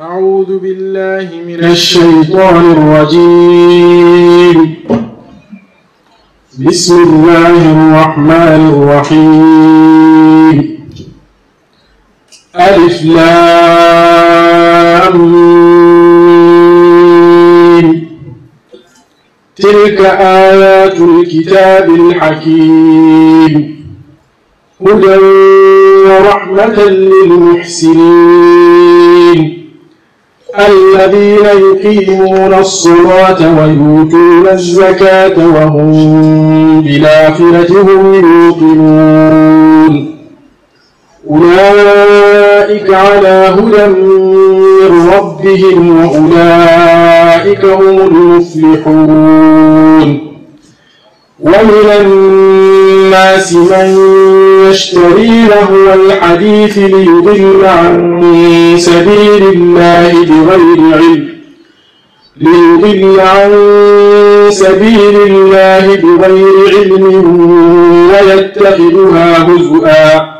أعوذ بالله من الشيطان الرجيم بسم الله الرحمن الرحيم ألف لام تلك آيات الكتاب الحكيم هدى ورحمة للمحسنين الذين يقيمون الصلاة ويؤتون الزكاة وهم بالآخرة هم يوقنون أولئك على هدى من ربهم وأولئك هم المفلحون ومن الناس من يشتري له الحديث ليضل عن سبيل الله بغير علم ليضل عن سبيل الله بغير علم ويتخذها هزؤا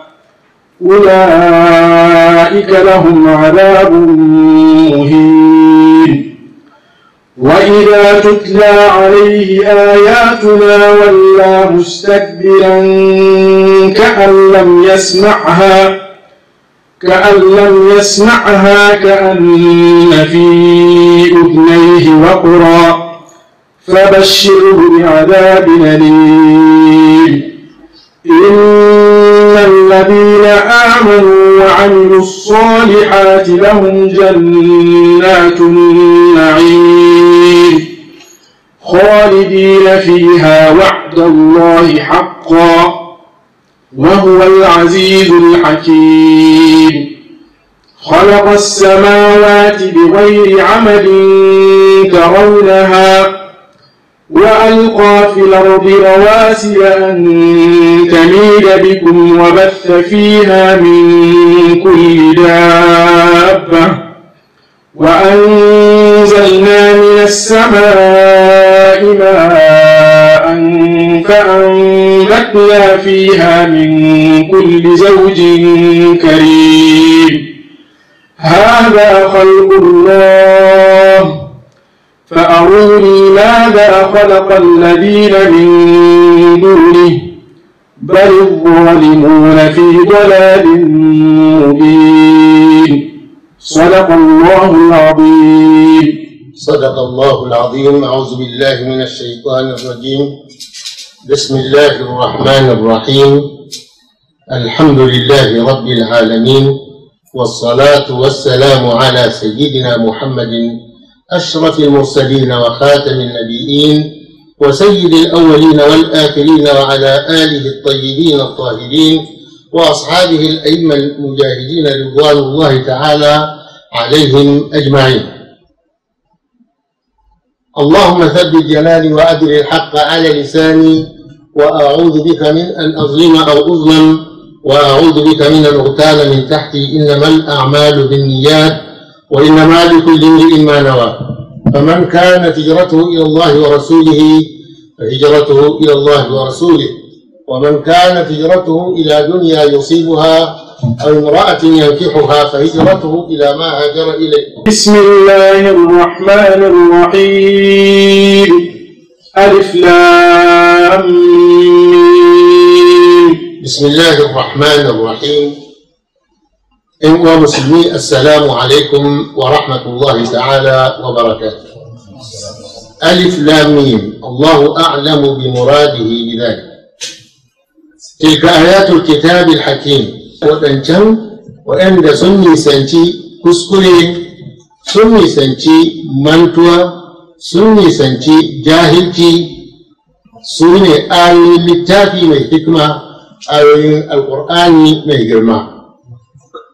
أولئك لهم عذاب وإذا تتلى عليه آياتنا ولى مستكبرا كأن لم يسمعها كأن لم يسمعها كأن في أذنيه وقرا فبشره بعذاب أليم إن الذين آمنوا وعملوا الصالحات لهم جنات النعيم خالدين فيها وعد الله حقا وهو العزيز الحكيم خلق السماوات بغير عمد ترونها وألقى في الأرض رواسي أن تميد بكم وبث فيها من كل دابة وأنزلنا من السماء ماء فأنبتنا فيها من كل زوج كريم هذا خلق الله فأروني ماذا خلق الذين من دونه بل الظالمون في ضلال مبين صدق الله العظيم صدق الله العظيم أعوذ بالله من الشيطان الرجيم بسم الله الرحمن الرحيم الحمد لله رب العالمين والصلاة والسلام على سيدنا محمد أشرف المرسلين وخاتم النبيين وسيد الأولين والآخرين وعلى آله الطيبين الطاهرين وأصحابه الأئمة المجاهدين رضوان الله تعالى عليهم أجمعين اللهم ثبت جناني وأدر الحق على لساني وأعوذ بك من أن أظلم أو أظلم وأعوذ بك من أن أغتال من تحتي إنما الأعمال بالنيات وإنما لكل امرئ ما نوى فمن كانت هجرته إلى الله ورسوله فهجرته إلى الله ورسوله ومن كانت هجرته إلى دنيا يصيبها أو امرأة ينكحها فهجرته إلى ما هاجر إليه بسم الله الرحمن الرحيم ألف لام بسم الله الرحمن الرحيم إخوة السلام عليكم ورحمة الله تعالى وبركاته ألف لام ميم الله أعلم بمراده بذلك تلك آيات الكتاب الحكيم وتنجم وإن سمي سنتي كسكري سمي سنتي منتوى سمي سنتي جاهلتي سمي آل آية للتافي من حكمة آل آية القرآن من جرمه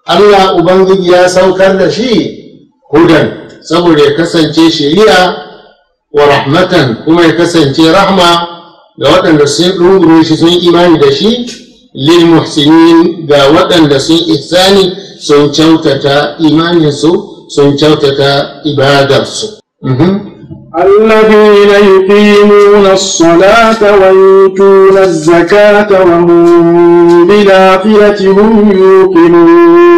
Allah Ubangiji ya saukar da shi hudan saboda ya kasance shari'a wa rahmatan kuma ya kasance rahma ga waɗanda sun rungure shi sun imani da shi lil muhsinin ga waɗanda sun ihsani sun kyautata imaninsu sun kyautata ibadarsu الذين يقيمون الصلاة ويؤتون الزكاة وهم بالآخرة هم يوقنون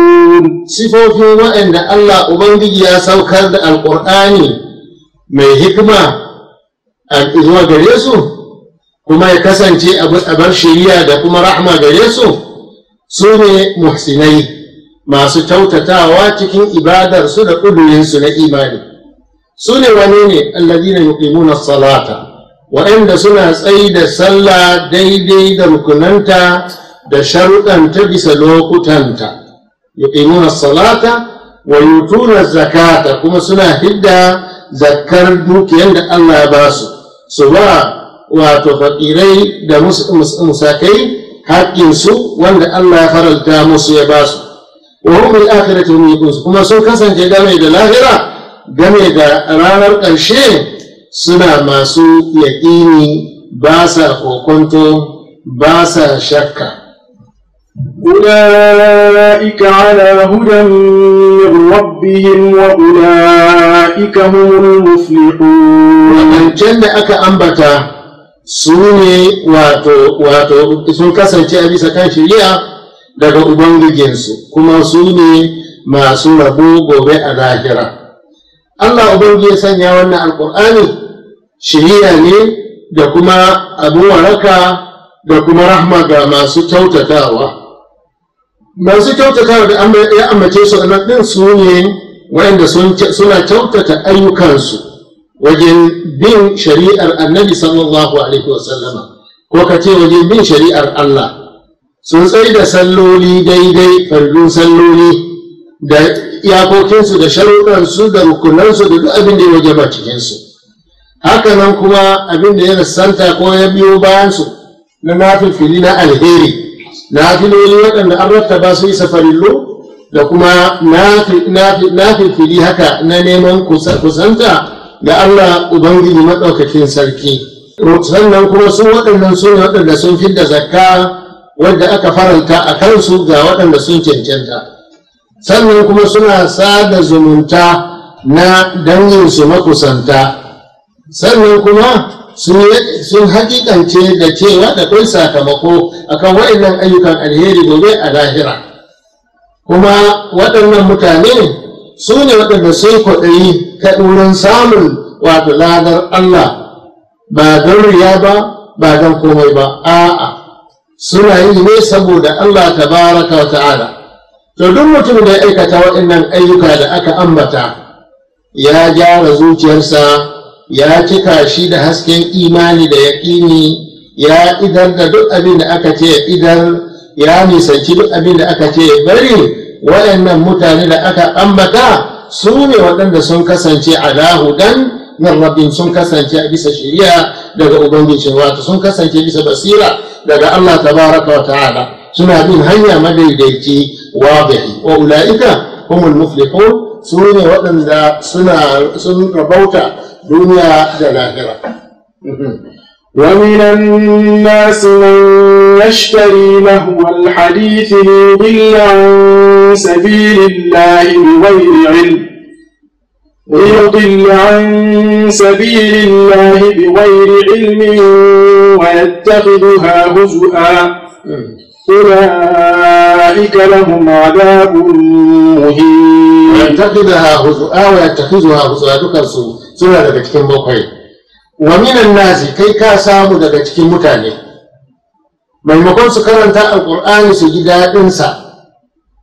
sifofin waɗanda Allah Ubangiji ya saukar da alƙur'ani mai hikima a zuwa gare su kuma ya kasance a bar shari'a da kuma rahma gare su su ne muhsinai masu kyautatawa cikin ibadarsu da su na imani su ne wane ne allazina yuqimuna salata waɗanda suna tsayi da sallah daidai da rukunanta da sharuɗanta bisa lokutanta yuqimuna salata wa yutuna zakata kuma suna hidda zakar dukiyar da Allah ya ba su su ba wato fakirai da musakai haƙƙinsu wanda Allah ya faranta musu ya ba su wa hum bil akhirati hum kuma sun kasance game da lahira game da ranar ƙarshe suna masu yaƙini ba sa kokonto ba sa shakka أولئك على هدى من ربهم وأولئك هم المفلحون ومن أكا أنبتا سوني واتو واتو سنكسر تأبي سكان شريعة daga Ubangijinsu, kuma su ne masu rabo gobe a lahira. Allah Ubangiji ya sanya wannan Alƙur'ani shiriya ne da kuma abin waraka da kuma rahma ga masu kyautatawa. masu kyautata da ya ambace su nan din su ne suna kyautata ayyukansu wajen bin shari'ar annabi sallallahu alaihi wasallama ko ka ce wajen bin shari'ar Allah sun tsaye da salloli daidai fardun salloli da iyakokinsu da sharuɗansu da rukunansu da duk abin da ya cikin cikinsu haka nan kuma abin da ya santa ko ya biyo bayansu na fili na alheri nafiloli waɗanda an rattaba su isa farillo da kuma nafilfili haka na neman kusanta da Allah Ubangiji maɗaukakin sarki. Sannan kuma su waɗannan su ne waɗanda sun fi da zakka wadda aka faranta a kansu ga waɗanda sun cancanta. Sannan kuma suna sada zumunta na danginsu makusanta. Sannan kuma sun hakikance da cewa da kai sakamako akan waɗannan ayyukan alheri gobe a lahira kuma waɗannan mutane su ne waɗanda sun kwaɗayi ta ɗorin samun wato ladar Allah ba don riya ba ba don komai ba a'a suna yi ne saboda Allah ta wa ta'ala to duk mutum da ya aikata waɗannan ayyuka da aka ambata ya gyara zuciyarsa ya cika shi da hasken imani da yaƙini ya idar da duk abin da aka ce ya idar ya nisanci duk abin da aka ce ya bari waɗannan mutane da aka ambata su ne waɗanda sun kasance a hudan min rabin sun kasance a bisa shiriya daga ubangijin wato sun kasance bisa basira daga Allah tabaraka wa ta'ala suna bin hanya madaidaici wa wadihi wa ulaika humul muflihun سوني ne waɗanda suna sun دنيا duniya ومن الناس من يشتري لهو الحديث ليضل عن سبيل الله بغير علم ليضل عن سبيل الله بغير علم ويتخذها هزؤا أولئك لهم عذاب مهين ويتخذها هزؤا ويتخذها هزؤا dukansu suna daga cikin bakwai wa minan nasi kai ka samu daga cikin mutane maimakon su karanta alƙur'ani su ji daɗinsa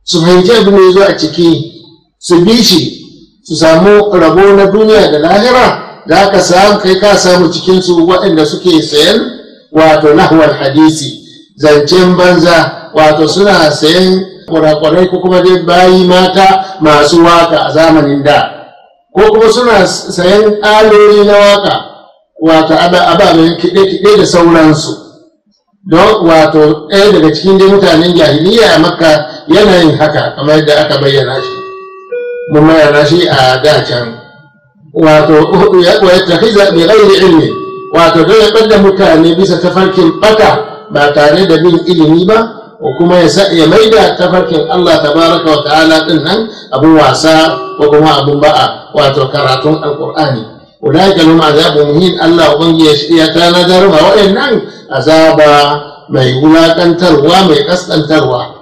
su fahimci abin da ya zo a ciki su bi shi su samu rabo na duniya da lahira da aka kai ka samu cikinsu waɗanda suke sayan wato nahwar hadisi zancen banza wato suna sayan kwarakwarai ko kuma dai bayi mata masu waka a zamanin da ko kuma suna sayan aloli na waka wato ababen kiɗe-kiɗe da sauransu don wato ɗaya daga cikin dai mutanen jahiliya a makka yanayin haka kamar yadda aka bayyana shi mun bayyana shi a da can wato ya tafi zaɓe ilmi wato don ya ɓadda mutane bisa tafarkin ɓata ba tare da bin ilimi ba kuma ya maida tafarkin Allah tabaraka wa ta'ala din nan abin wasa ko kuma abin ba'a wato karatun alqur'ani ulaika lahum azabun muhin Allah ubangiji ya tanadar ma waɗannan azaba mai wulakantarwa mai kaskantarwa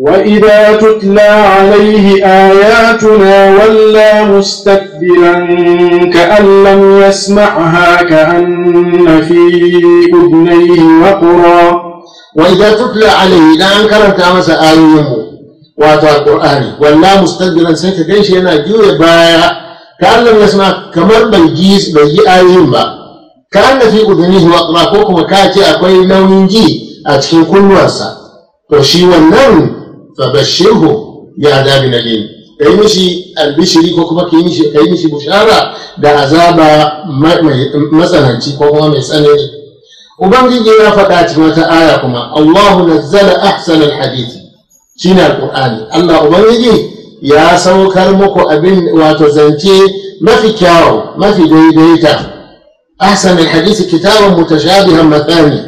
وإذا تتلى عليه آياتنا ولا مستكبرا مستكبرا كأن لم يسمعها كأن في أذنيه وقرا وإذا تتلى عليه لا أنكر أن تامس آيهم واتو القرآن ولا مستكبرا سيك قيش ينا جوي بايا كأن لم يسمع كمر بالجيس بيجي آيهم با كأن في أذنيه وقرا كوكما كاتي أكوي نوم جي أتكين كل واسا وشي ونن فبشره عذاب أليم ka yi mishi albishiri ko kuma ka yi mishi ka bushara da azaba matsananci ko kuma mai tsanani ubangiji ya faɗa cikin wata aya kuma Allahu nazzala ahsanal hadith shine alqur'ani Allah ubangiji ya saukar muku abin wato zance mafi kyawu mafi daidaita ahsanal hadith kitabun mutashabihan mathani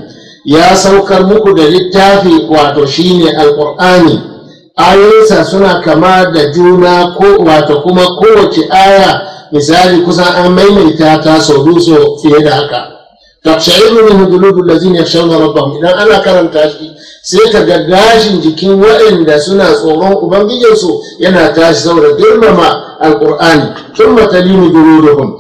ya saukar muku da littafi wato shine alqur'ani ayoyinsa suna kama da juna ko wato kuma kowace aya misali kusan an maimaita ta sau biyu fiye da haka tafshairu min hudulubul lazina yakhshawna rabbahum idan ana karanta shi sai ka ga gashin jikin waɗanda suna tsoron ubangijinsu yana tashi saboda girmama alqur'ani thumma talinu juluduhum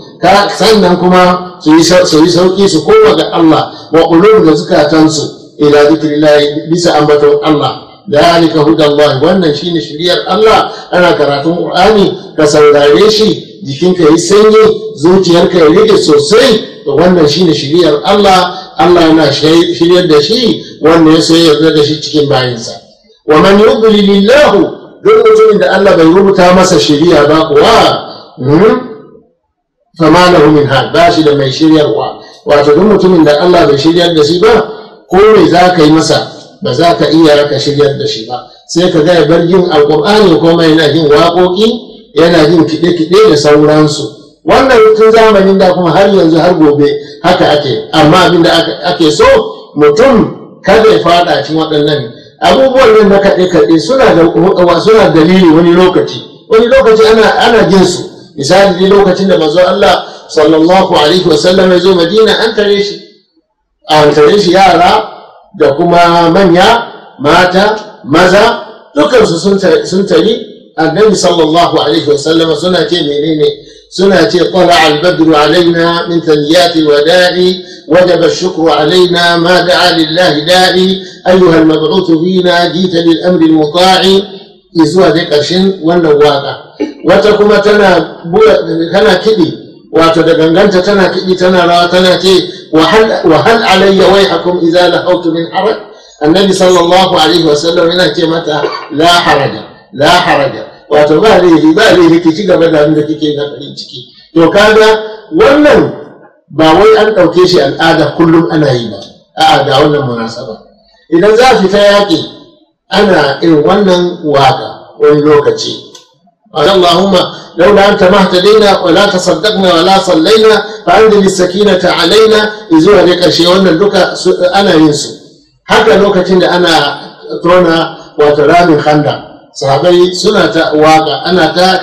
sannan kuma su yi sauki su koma ga Allah wa qulubu da zukatansu ila zikrillahi bisa ambaton Allah ذلك هدى الله wannan shine shiryar Allah ana karatun Qur'ani ka saurare shi jikinka yi sanyi zuciyarka ya rike sosai to wannan shine shiriyar Allah Allah yana shiryar da shi wanda ya so yarda da shi cikin bayinsa wa man yudlilillahu duk mutumin da Allah bai rubuta masa shiriya ba kuwa hmm, fama lahu min hal ba da mai shiryarwa wato duk mutumin da Allah bai shiryar da shi ba ko me za ka yi masa ba za ka iya raka shiryar da shi ba sai ka gaya ya bar jin alkur'ani kuma yana jin waƙoƙi yana jin kiɗe-kiɗe da sauransu wannan tun zamanin da kuma har yanzu har gobe haka ake amma abin da ake so mutum kada ya faɗa cikin waɗannan abubuwan nan na kaɗe-kaɗe suna da suna dalili wani lokaci wani lokaci ana ana jin su misali dai lokacin da manzo Allah sallallahu alaihi wasallam ya zo Madina an tare shi an tare shi yara da kuma manya mata maza dukansu sun tari annabi sallallahu alaihi wasallam suna ce menene suna ce qala al-badru alaina min thaniyati wada'i wajaba ash-shukru alaina ma da'a lillahi da'i ayyuha al-mab'uth fina jita lil amri al-muta'i izuwa dai karshen wannan waka wata kuma tana tana kidi wato da ganganta tana kidi tana rawa tana ce wahal alayya wai hakum idza lahawtu min haraj annabi sallallahu alaihi wasallam yana ce mata la haraja la haraja wato ba laifi ba laifi ki ci gaba da abin kike na farin ciki to kaga wannan ba wai an ɗauke shi al'ada kullum ana yi ba a'a ga wannan munasaba idan za fita yaƙi ana irin wannan waka wani lokaci قال اللهم لولا أنت ما اهتدينا ولا تصدقنا ولا صلينا فأنزل السكينة علينا zuwa dai ƙarshe wannan duka ana yin su haka lokacin da ana tona wato ramin handa sahabai suna ta waka ana ta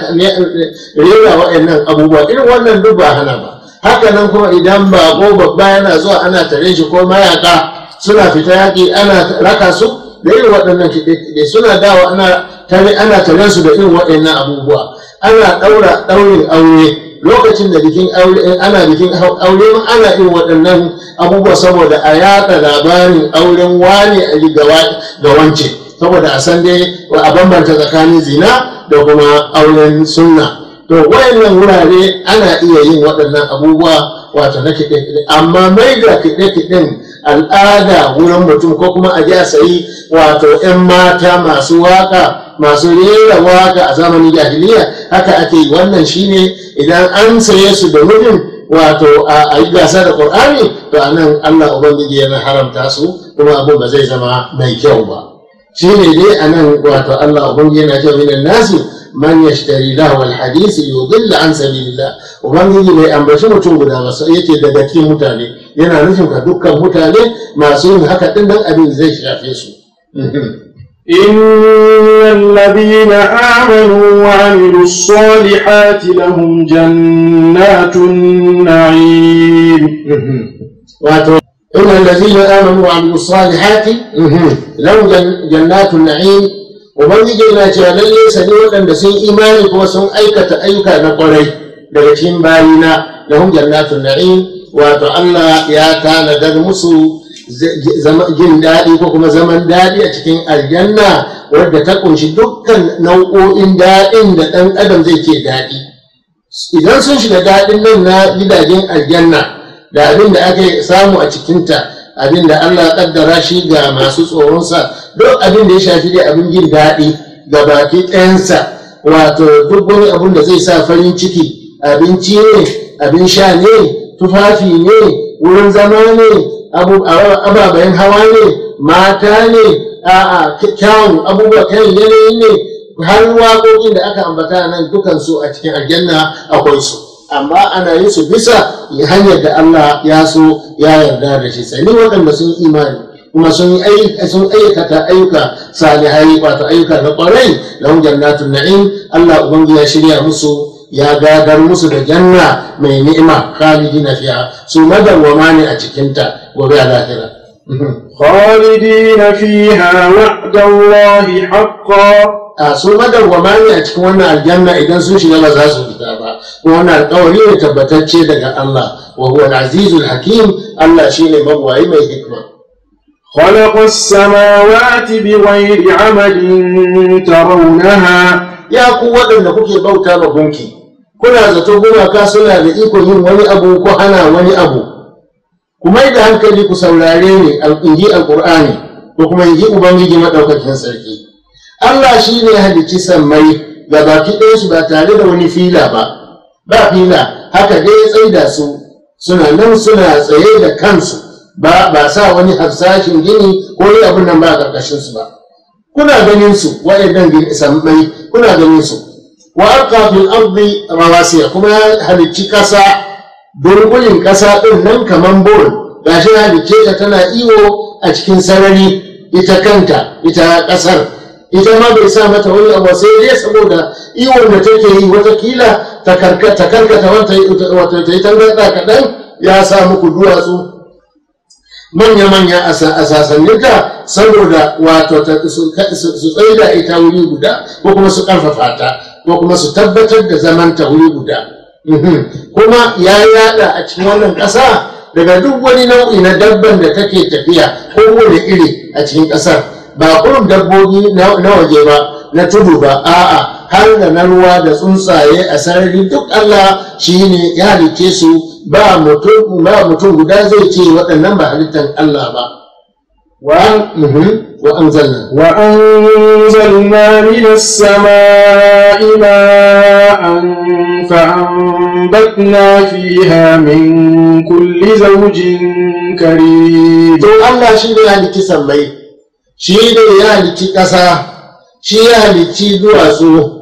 rera waɗannan abubuwa irin wannan duk ba hana ba haka nan kuma idan ba babba yana zuwa ana tare shi ko mayaka suna fita yaƙi ana raka su da irin waɗannan kiɗe-kiɗe suna dawa ana tare ana tare su da irin waɗannan abubuwa ana ɗaura ɗaurin aure lokacin da bikin aure ana bikin aure ana irin waɗannan abubuwa saboda a yaɗa labarin auren wane ga wance saboda a san dai a bambanta tsakanin zina da kuma auren sunna to wayannan wurare ana iya yin waɗannan abubuwa wato na kiɗe-kiɗe amma mai ga kiɗe-kiɗen al'ada wurin mutum ko kuma a ji a sayi wato 'yan mata masu waka masu rera waka a zamanin jahiliya haka ake yi wannan shine idan an saye su da mutum wato a yi gasa da ƙur'ani to anan allah ubangiji yana haramta su kuma abin ba zai zama mai kyau ba shine dai anan wato allah ubangiji yana cewa minan nasi man yashtari lahu alhadisi yudilla an sabilillah ubangiji bai ambaci mutum guda ba yake daga cikin mutane yana nufin ga dukkan mutane masu yin haka din nan abin zai shafe su إن الذين آمنوا وعملوا الصالحات لهم جنات النعيم إن الذين آمنوا وعملوا الصالحات لهم جنات النعيم ubangiji yana cewa lalle sani waɗanda sun imani kuma sun aikata ayyuka na ƙwarai daga cikin bayina lahum jannatun na'im wato Allah ya tanadar musu jin daɗi ko kuma zaman daɗi a cikin aljanna wadda ta ƙunshi dukkan nau'o'in daɗin da ɗan adam zai ke daɗi idan sun shiga daɗin nan na gidajen aljanna da abin da aka samu a cikinta abin da Allah ƙaddara shi ga masu tsoronsa duk abin da ya shafi dai abin jin daɗi ga baki ɗayansa wato duk wani abin da zai sa farin ciki abinci ne abin sha ne tufafi ne wurin zama ne ababen hawa ne mata ne a'a kyawun abubuwa kayan yanayi ne har waƙoƙin da aka ambata nan dukansu a cikin aljanna akwai su amma ana yin su bisa hanyar da Allah ya so ya yarda da shi sai waɗanda sun imani kuma sun aikata ayyuka salihai wato ayyuka na ƙwarai lahum jannatun na'im Allah ubangi ya shirya musu ya gadar musu da janna mai ni'ima na fiya. su madawwama ne a cikinta gobe a lahira mhm. khalidina fiha wa'da Allah haqqan a su madawwama ne a cikin wannan aljanna idan sun shiga ba za su fita ba kuma wannan alƙawari ne tabbatacce daga Allah wa huwa al-azizul hakim Allah shi ne mabwayi mai hikma خلق السماوات بغير عمد ترونها يا قوة أنك بوتا وبنكي kuna zato gumaka suna da iko yin wani abu ko ana wani abu ku mai da hankali ku saurare ni in ji alƙur'ani ko kuma in ji ubangiji maɗaukakin sarki allah shi ne halicci sammai ga baki ɗayansu ba tare da wani fila ba ba fila haka dai ya tsaida su suna nan suna tsaye da kansu ba ba sa wani hafsashin gini ko wani abin nan ba a ƙarƙashinsu ba kuna ganin su waɗannan sammai kuna ganin su wa alqa bil ardi rawasiya kuma ya halicci kasa dungulen kasa din nan kaman bol gashi ya halicce ta tana iwo a cikin sarari ita kanta ita kasar ita ma bai sa mata wani abu sai dai saboda iwon da take yi watakila ta karkata wata ta yi kaɗan ya sa muku duwatsu manya-manya a ta, saboda wato su tsaida ita wuri guda ko kuma su ƙarfafa ta ko kuma su tabbatar da zaman ta wuri guda mhm. kuma ya yada a cikin wannan ƙasa daga duk wani nau'i na dabban da take tafiya ko wani iri a cikin ƙasar ba kurum dabbobi na waje ba na tudu ba a'a har da na ruwa da tsuntsaye a sarari duk Allah shi ne ya halitte su ba mutum guda zai ce waɗannan ba halittar Allah ba. Mhm. وأنزلنا وأنزلنا من السماء ماء فأنبتنا فيها من كل زوج كريم دون الله شيء يعني تسمي شيء يعني تكسا شيء يعني تدواسو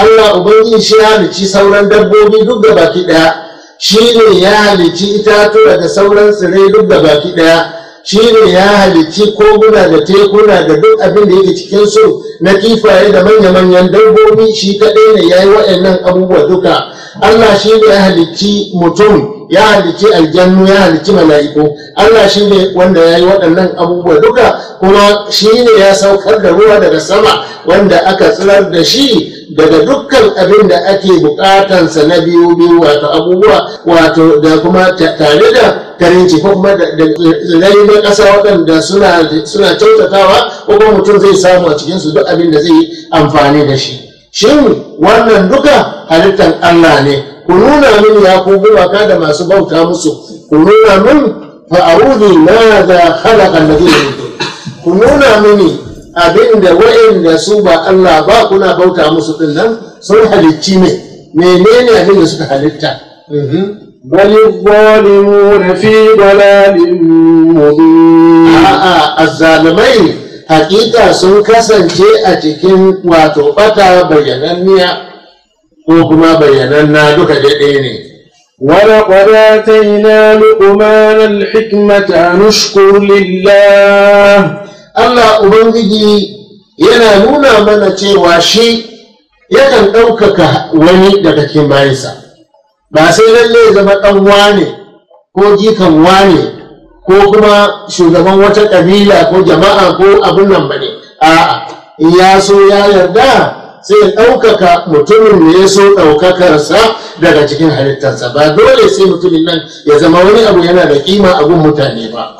Allah Ubangiji shi ya halicci sauran dabbobi duk da baki ɗaya, shi ne ya halicci itatuwa da sauran tsirrai duk da baki ɗaya, ne ya halicci koguna da tekuna da duk abin da yake cikin su na kifaye da manya-manyan dabbobi shi kaɗai ne ya yi waɗannan abubuwa duka allah shi ne ya halicci mutum ya halici aljannu ya halici mala'iku Allah shi ne wanda ya yi waɗannan abubuwa duka kuma shi ne ya saukar da ruwa daga sama wanda aka tsirar da shi daga dukkan abin da ake bukatansa na biyu biyu wato abubuwa wato da kuma tare da karinci ko kuma da tsirai na ƙasa waɗanda suna kyautatawa ko kuma mutum zai samu a cikinsu duk abin da zai amfani da shi shin wannan duka halittar Allah ne ku nuna min ya ku gumaka da masu bauta musu ku nuna min fa'arudi ma da halaka da zai ku nuna mini abin da wa'inda su ba Allah ba kuna bauta musu din nan sun halicci ne menene abin da suka halitta بل الظالمون في ضلال مبين a'a الظالمين hakika sun kasance a cikin wato bata bayyananniya ko kuma bayanan na duka daɗe ne ولقد آتينا لقمان الحكمة na اشكر لله Allah Ubangiji yana nuna mana cewa shi yakan ɗaukaka wani daga cikin bayansa, ba sai lalle zama ɗan wane ko jikan wane ko kuma shugaban wata ƙabila ko jama'a ko abin nan ba ne, a'a ya so ya yarda Sai ɗaukaka mutumin da ya so ɗaukakarsa daga cikin halittarsa ba dole sai mutumin nan ya zama wani abu yana da kima a gun mutane ba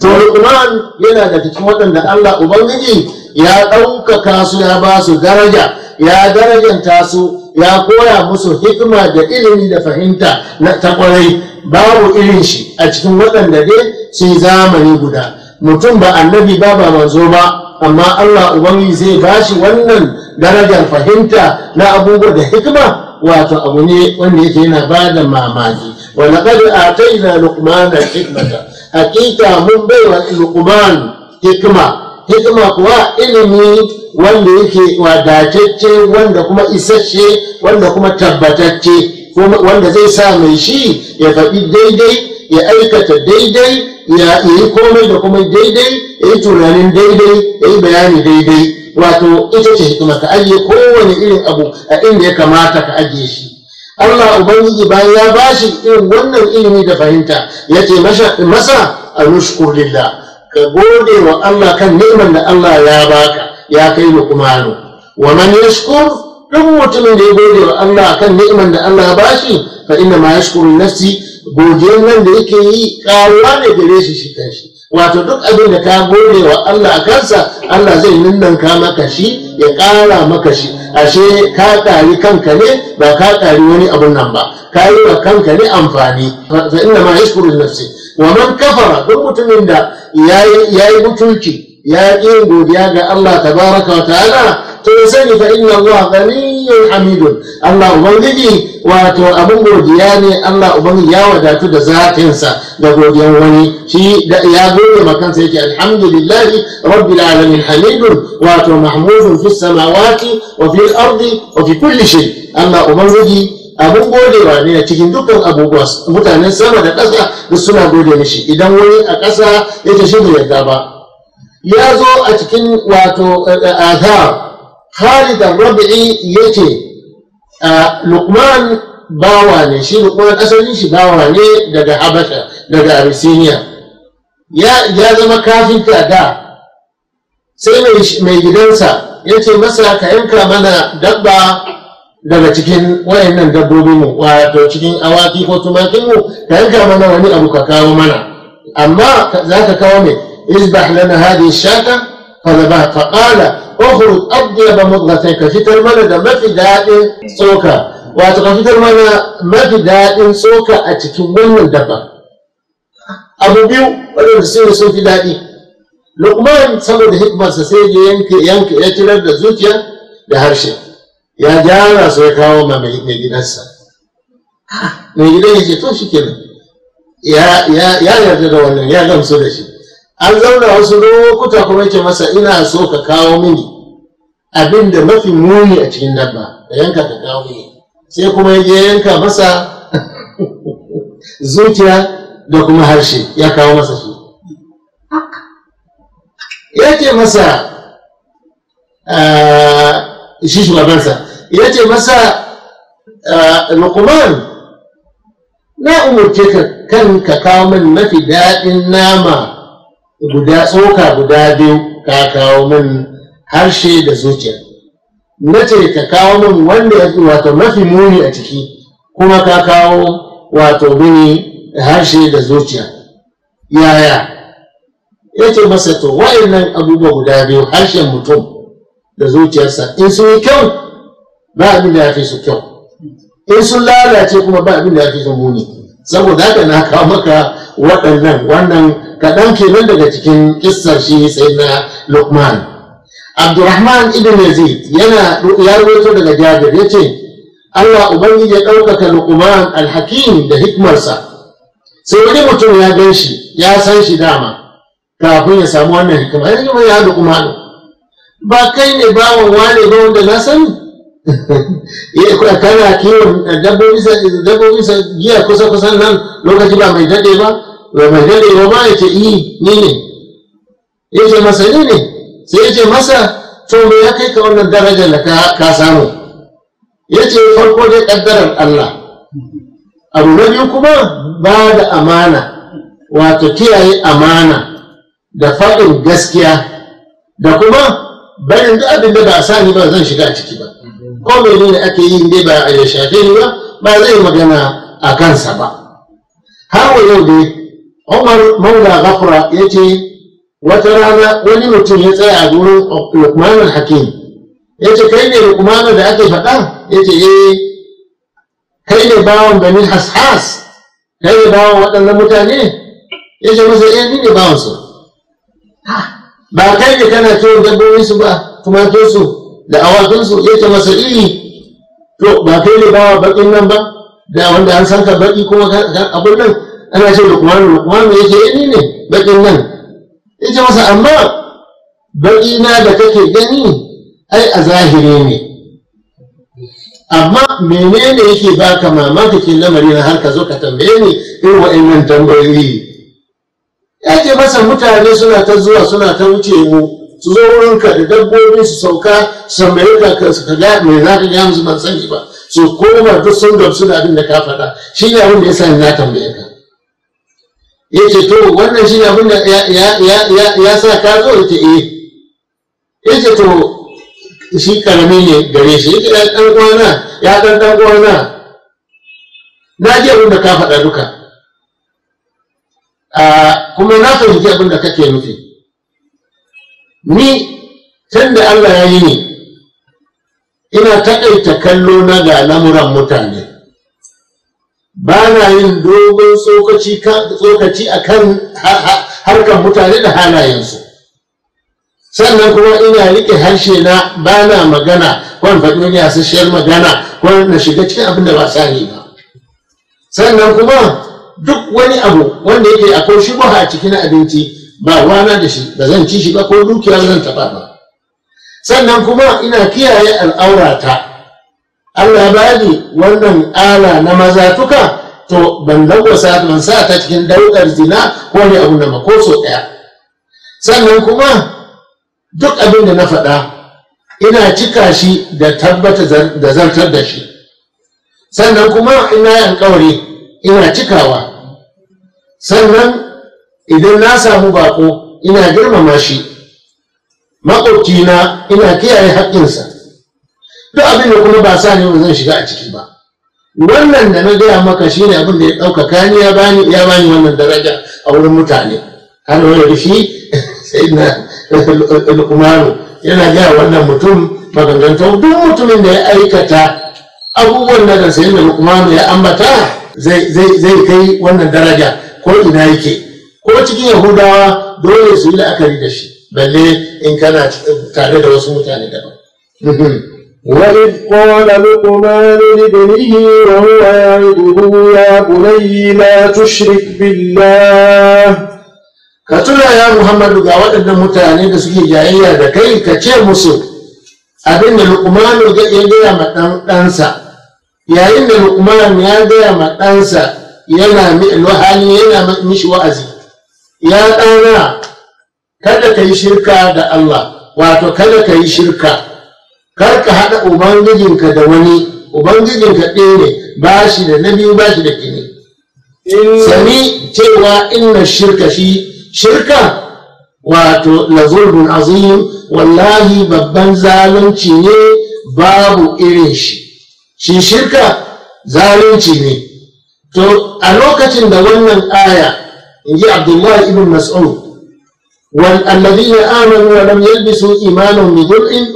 to Luqman yana da cikin waɗanda Allah ubangiji ya ɗaukaka su ya ba su daraja ya darajanta su ya koya musu hikima da ilimi da fahimta na ta kwarai babu irin shi a cikin waɗanda dai sai zamani guda mutum ba annabi ba ba manzo ba amma Allah ubangiji zai ba shi wannan darajar fahimta na abubuwa da hikima wato abu ne wanda yake yana ba da mamaki wa laqad atayna luqman al-hikmata hakika mun baiwa luqman hikma hikima kuwa ilimi wanda yake wadatacce wanda kuma isasshe wanda kuma tabbatacce wanda zai sa mai shi ya faɗi daidai ya aikata daidai ya yi komai da komai daidai ya yi tunanin daidai ya yi bayani daidai wato ita ce hikima ka ajiye kowane irin abu a inda ya kamata ka ajiye shi Allah Ubangiji bayan ya bashi irin wannan ilimi da fahimta ya ce masa a Lilla. ka gode wa Allah kan neman da Allah ya baka ya kai lukumanu wa man yashkur duk mutumin da ya gode wa Allah kan neman da Allah ya bashi fa inna ma yashkuru nafsi goge nan da yake yi karuwa ne gare shi shi kanshi wato duk abin da ka gode wa Allah a kansa Allah zai nunnanka maka shi ya ƙara maka shi ashe ka ƙari kanka ne ba ka ƙari wani abun nan ba ka yi wa kanka ne amfani fa inna ma yashkuru nafsi wa man kafara duk mutumin da yayi yayi mutunci ya yi godiya ga Allah tabaraka wa ta'ala to sani fa inna Allah ghaniyyun hamidun Allah ubangiji wato abun godiya ne Allah ubangiji ya wadatu da zafinsa. da godiyan wani shi ya gode makansa yake alhamdulillahi rabbil alamin hamidun wato mahmudun fi samawati wa fil ardi wa fi kulli shay Allah ubangiji abun godewa ne a cikin dukkan abubuwa mutanen sama da ƙasa duk suna gode mishi idan wani a ƙasa ya ce shi yarda ba ya zo a cikin wato eh, eh, azhar Khalid Rabi'i yake Luqman bawa shi Luqman asalin shi bawa ne daga Habasha daga Abyssinia ya zama kafinta da sai mai gidansa ya ce masa ka yanka mana dabba daga cikin wayannan dabbobin mu wato cikin awaki ko tumakin mu ka yanka mana wani abu ka kawo mana amma za ka kawo mai isbah na hadi shata. kwalaba faƙala ohurut abdiyaba mutlatai ka fitar mana da mafi daɗin tsoka wato ka fitar mana mafi daɗin tsoka a cikin wannan daba abu biyu waɗanda su sun fi daɗi lukman saboda hikmarsa sai da yanke yanke ya tirar da zuciya da harshe ya gyara su ya kawo ma mai gidansa mai gidan ya ce to shi kenan ya yarda da wannan ya gamsu da shi an zauna wasu lokuta kuma yake masa ina so ka kawo mini abin da mafi muni a cikin dabba da yanka ka kawo mini sai kuma ya yanka masa zuciya da kuma harshe ya kawo masa shi yake masa ah, shi shugabansa ya ce masa ah, lukuman na umarce ka kan ka kawo min mafi daɗin nama guda tsoka guda biyu ka kawo min harshe da zuciya na ce ka kawo min wanda ya fi wato mafi muni a ciki kuma ka kawo wato mini harshe da zuciya yaya ya ce masa to wa'annan abubuwa guda biyu harshen mutum da zuciyarsa in sun yi kyau ba abin da ya fi su kyau in sun lalace kuma ba abin da ya fi su muni saboda haka na kawo maka waɗannan wannan kaɗan kenan daga cikin kissar shi sai na lukman abdurrahman ibn yazid yana ya rubuto daga jabir ya ce allah ubangiji ya ɗaukaka lukman alhakim da hikmarsa sai wani mutum ya gan shi ya san shi dama kafin ya samu wannan hikima ya yi ya lukman ba kai ne ba wani wane ba wanda na sani eh, kana kiwon dabbobin giya kusa kusan nan lokaci ba mai daɗe ba wa majalli wa ma yace yi ni ne yace masa ni ne sai yace masa to me ya kai ka wannan darajar da ka samu yace farko dai kaddarar Allah abu na biyu kuma ba da amana wato kiyaye amana da faɗin gaskiya da kuma barin duk abin da ba a sani ba zan shiga a ciki ba ko menene ake yi dai ba a ya shafe ni ba ba zai magana a kansa ba har wa yau dai umar maula gafra ya ce wata rana wani mutum ya tsaya a gurin lukmanin hakim ya ce kai ne lukmanin da ake faɗa ya ce eh kai ne bawan bani hashas kai ne bawan waɗannan mutane ya ce musu eh ni ne bawansu ah, ba kai ne kana kiwon su ba su da su ya ce masa iri eh, to ba kai ne bawa baƙin nan ba da wanda an san ka baƙi kuma abin nan ana ce lukman lukman eh, ne yake ini ne bakin nan ya ce masa amma baki na da kake gani ai a zahiri ne amma menene yake baka mamaka ke lamari na har ka zo ka tambaye ni irin wa'annan tambayoyi ya ce masa mutane suna ta zuwa suna ta wuce mu su zo ka da dabbobi su sauka su tambaye ka su kaga me za ka gaya musu ban sani ba su koma duk sun gamsu da abin da ka faɗa shi ne abin da ya sa na tambaye ka ya ce to wannan shi abin da ya sa ka zo ya ce eh ya ce to shi karami ne gare shi ya ce ya ɗan kwana ya ɗan ɗan kwana na ji abin da ka faɗa duka kuma na fahimci abin da kake nufi ni can da Allah ya yi ne, ina taƙaita kallo na ga lamuran mutane ba na yin dogon tsokaci a kan harkar mutane da halayensu sannan kuma ina rike harshe na ba magana kwan faɗi wani magana kwan na shiga cikin abin da ba ne ba sannan kuma duk wani abu wanda yake akwai shigo a cikin abinci ba wana da shi ba zan ci shi ba ko dukiya zan taɓa ba sannan kuma ina kiyaye al'aurata Allah ya bani wannan ala na maza tuka to ban sa ban sa ta cikin daukar zina ko ne abu na makoso daya sannan kuma duk abin da na faɗa ina cika shi da tabbata da zartar da shi sannan kuma ina yin alkawari ina cikawa sannan idan na samu bako ina girmama shi na ina kiyaye haƙƙinsa duk abin da kuma ba sa ne ba zan shiga a ciki ba wannan da na gaya maka shi ne abin da ya ɗaukaka ni ya bani ya bani wannan daraja a wurin mutane har wani shi sai na yana gaya wannan mutum maganganta duk mutumin da ya aikata abubuwan da da sayin da lukumanu ya ambata zai kai wannan daraja ko ina yake ko cikin yahudawa dole su yi la'akari da shi balle in kana tare da wasu mutane daban وإذ قال لقمان لابنه وهو يعده يا بني لا تشرك بالله ka tuna ya muhammadu ga waɗannan mutane da suke jayayya da kai ka ce musu Abinda da lukmanu ya gaya ma ɗansa yayin da lukmanu ya gaya ma ɗansa yana hali yana mishi wa'azi ya ɗana kada ka yi shirka da allah wato kada ka yi shirka kar ka haɗa ubangijinka da wani ubangijinka ɗaya ne ba shi da na biyu ba shi da kini eh. sami cewa inna shirka shi shirka wato la zulmun azim wallahi babban zalunci ne babu irin shi shi shirka zalunci ne to a lokacin da wannan aya in ji abdullahi ibn mas'ud والذين آمنوا ولم يلبسوا إيمانهم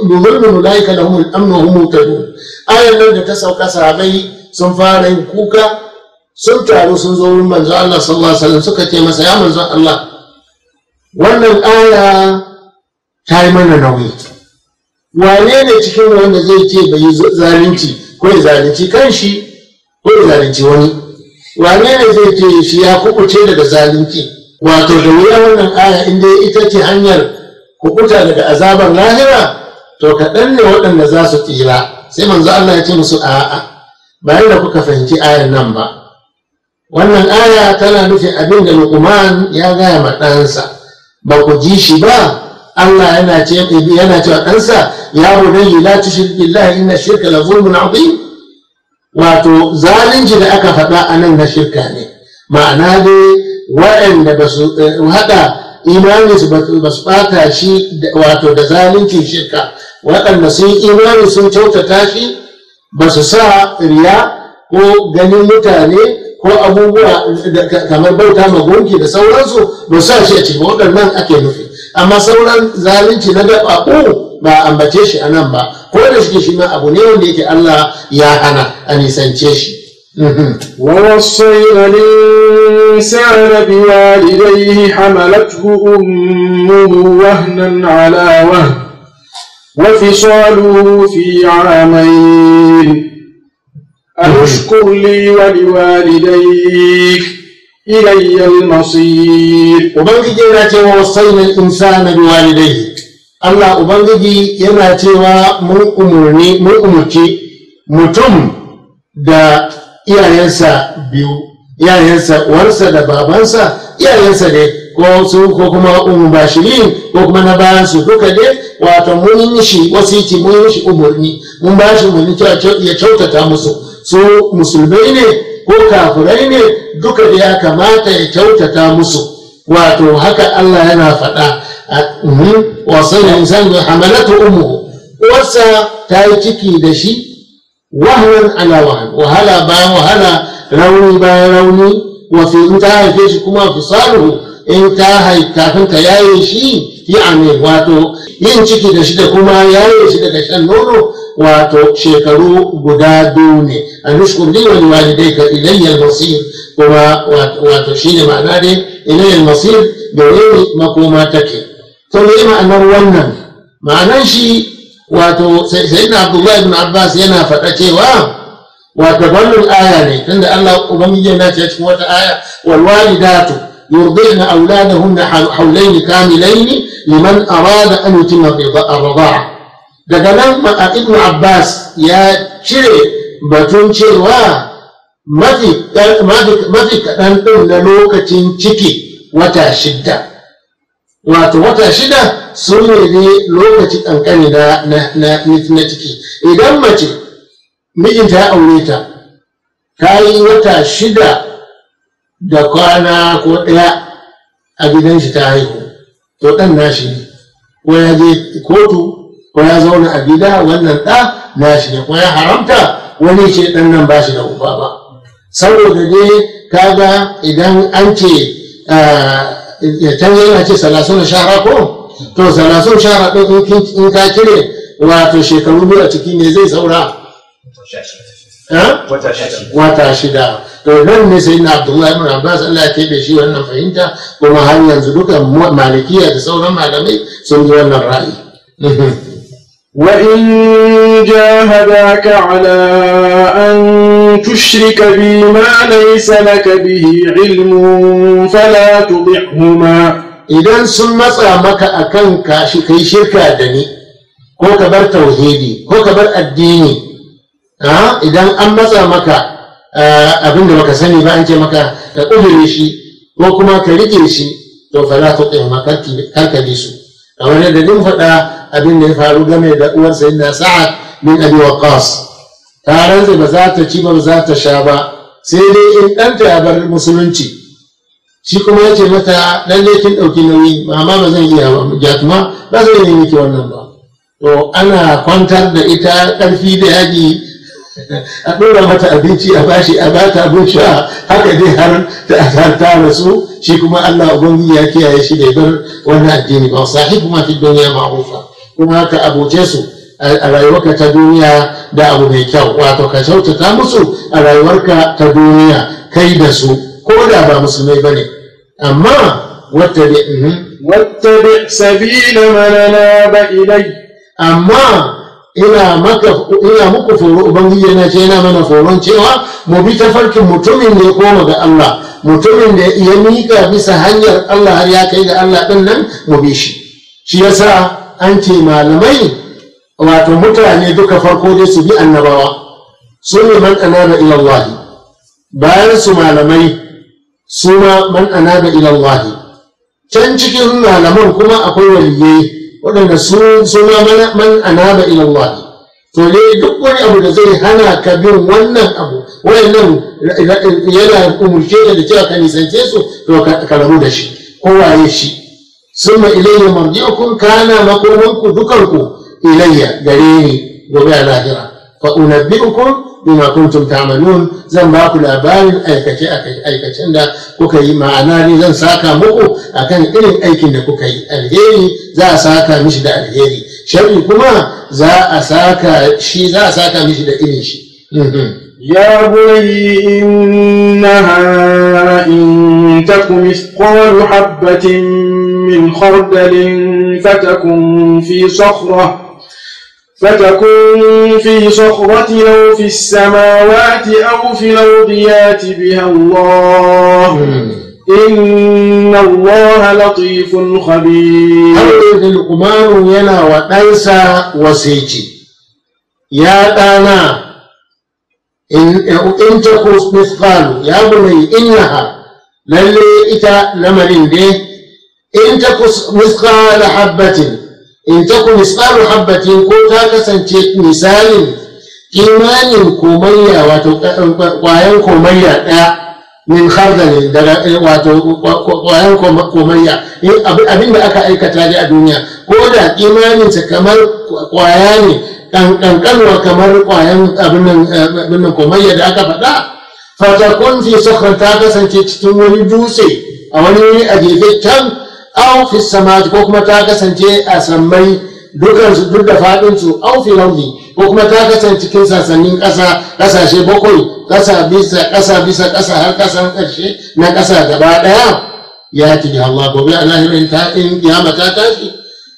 بظلم أولئك لهم الأمن وهم مهتدون آية nan da ta sauka sabai sun fara yin kuka sun taru sun zo wurin manzon Allah sallallahu alaihi suka ce masa ya manzon Allah wannan aya ta yi mana nauyi wane ne cikin wanda zai ce bai yi zalunci ko zalunci kanshi ko ya zalunci wani wane zai ce shi ya kubuce daga zalunci wato da wuya wannan aya in dai ita ce hanyar kukuta daga azabar lahira to kaɗan ne waɗanda za su tsira sai manzo Allah ya ce musu a'a bayan da kuka fahimci ayar nan ba wannan aya tana nufin abin da Luqman ya gaya ma ɗansa ba ku ji shi ba Allah yana ce yana cewa ɗansa ya bunayya la tushrik billahi inna shirka la zulmun azim wato zalunci da aka faɗa a nan na shirka ne ma'ana dai waɗanda ba su eh, haɗa imaninsu ba su ɓata shi wato da zalunci shirka waɗanda sun imani sun kyautata shi ba su sa riya ko ganin mutane ko abubuwa kamar bauta ma gunki da sauransu ba su sa shi a cikin waɗannan ake nufi amma sauran zalunci na gaɓaɓu ba a ambace shi a nan ba ko da shi shi ma abu ne wanda yake Allah ya hana a nisance shi ووصينا الإنسان بوالديه حملته أمه وهنا على وهن وفصاله في عامين أن اشكر لي ولوالديك إلي المصير وبنجي أنا تيوا وصينا الإنسان بوالديه Allah وبنجي yana cewa mun umurni mun iyayensa biyu iyayensa uwarsa da babansa iyayensa ne ko su ko kuma umubashirin ko kuma na bayan su duka dai wato mun yi shi wasiti mun yi shi umarni mun ba shi umarni ya kyautata musu su musulmai ne ko kafirai ne duka da ya kamata ya kyautata musu wato haka Allah yana faɗa a uhm, wasan yanzu hamalatu umu uwarsa ta yi ciki da shi wahlan ala wahal wahala bayan wahala rauni bayan rauni wa in ta haife shi kuma fi in ta haife kafin ka yaye shi yi ame wato yin ciki da shi da kuma yaye shi daga shan nono wato shekaru guda biyu ne a nushkur li wani walidai ka ilayyar masir kuma wato shi ne ma'ana dai ilayyar masir da wani makoma take to ne ma'anar wannan ma'anar shi wato sai na abdullahi ibn abbas yana faɗa cewa wato wannan aya ne tunda Allah ubangiji yana ce cikin wata aya wal walidatu yurdina auladahunna hawlayn kamilayn liman arada an yutimma ar-rida'a daga nan ibn abbas ya cire batun cewa mafi kaɗan ɗin na lokacin ciki wata shidda wato wata shida sun ne lokaci kankani na ciki idan mace mijinta ya aure ta ta yi wata shida da kwana ko ɗaya a gidan shi ta haihu to ɗan nashi ne ko ya je kotu ko ya zauna a gida wannan ɗa nashi ne ko ya haramta wani ce ɗan nan ba shi da uba ba saboda dai ga idan an ce ah, ya canza yana ce salasun shara ko to salasun shara ɗin in ka kire wato shekaru biyu a ciki ne zai saura wata shida to nan ne sai na abdullahi ibn abbas Allah ya kebe shi wannan fahimta kuma har yanzu duka malikiya da sauran malamai sun yi wannan ra'ayi وإن جاهداك على أن تشرك بي ما ليس لك به علم فلا تطعهما إذا سمى صامك أكن كاشي كي شركا دني هو كبر توحيدي هو كبر الديني ها آه؟ إذا أما صامك آه، أبن لك سني ما أنت مك أبن شي وكما كريتي شي فلا تطعهما كالكديسو أولا دين فتاة abin da ya faru game da uwar sayyidina sa'ad min abi waqas ta rantsa ba za ta ci ba za ta sha ba sai dai in ɗanta ya bar musulunci shi kuma ya mata lallai kin ɗauki nauyi amma ba zan iya ba kuma ba zan yi miki wannan ba to ana kwantar da ita ƙarfi da yaji a ɗora mata abinci a bashi a bata abin sha haka dai har ta ta rasu shi kuma Allah ubangiji ya kiyaye shi da bar wannan addini ba sahibu ma fi dunya ma'rufa kuma ka abuce su a rayuwarka ta duniya da abu mai kyau wato ka kyautata musu a rayuwarka ta duniya kai da su ko da ba musulmai ba ne amma wata bi mhm, wata bi sabila manana ba ilai amma ina maka ina muku foro ubangiji yana ce yana mana foron cewa mu bi ta farkin mutumin da ya koma ga Allah mutumin da ya mika bisa hanyar Allah har ya kai ga Allah din nan mu bi shi shi yasa an ce malamai wato mutane duka farko dai su bi annabawa su ne man anaba ilallahi bayan su malamai su ma man anaba ilallahi can cikin malaman kuma akwai waliye waɗanda su ma man anaba ilallahi to ne duk wani abu da zai hana ka bin wannan abu nan yana umurce da cewa ka nisance su to ka rabu da shi ko waye shi summa ilayya marji'ukum kana makomanku dukanku ilayya gare ni gobe a lahira fa unabbi'ukum bima kuntum ta'malun zan ba ku labarin aikace aikacen da kuka yi ma'ana ne zan saka muku akan irin aikin da kuka yi alheri za a saka mishi da alheri shar'i kuma za a saka shi za a saka mishi da irin shi يا بني إنها إن تك مثقال حبة من خردل فتكن في صخرة فتكون في صخرة أو في السماوات أو في الأرض يات بها الله إن الله لطيف خبير أولي القمار ينا وتنسى وسيجي يا إن إن takus مثقال يا بني إنها للي إتا لمرين به in ta misqala habbatin in habbatin ko ta kasance misalin imanin komayya wato kwayan komayya ɗaya min khardali daga wato kwayan komayya abin da aka aikata ne a duniya ko da imaninsa kamar kwaya ne kankanwa kamar kwayan abin komayya da aka faɗa fatakun fi ta kasance cikin wani dutse a wani wuri a gefe can aw fi samawati ko kuma ta kasance a sammai dukansu duk da faɗin su aw fi launi ko kuma ta kasance cikin sassanin ƙasa ƙasashe bakwai ƙasa bisa ƙasa bisa ƙasa har ƙasan ƙarshe na ƙasa gaba ɗaya ya tibi Allah gobe a lahirin ta in kiyama ta tashi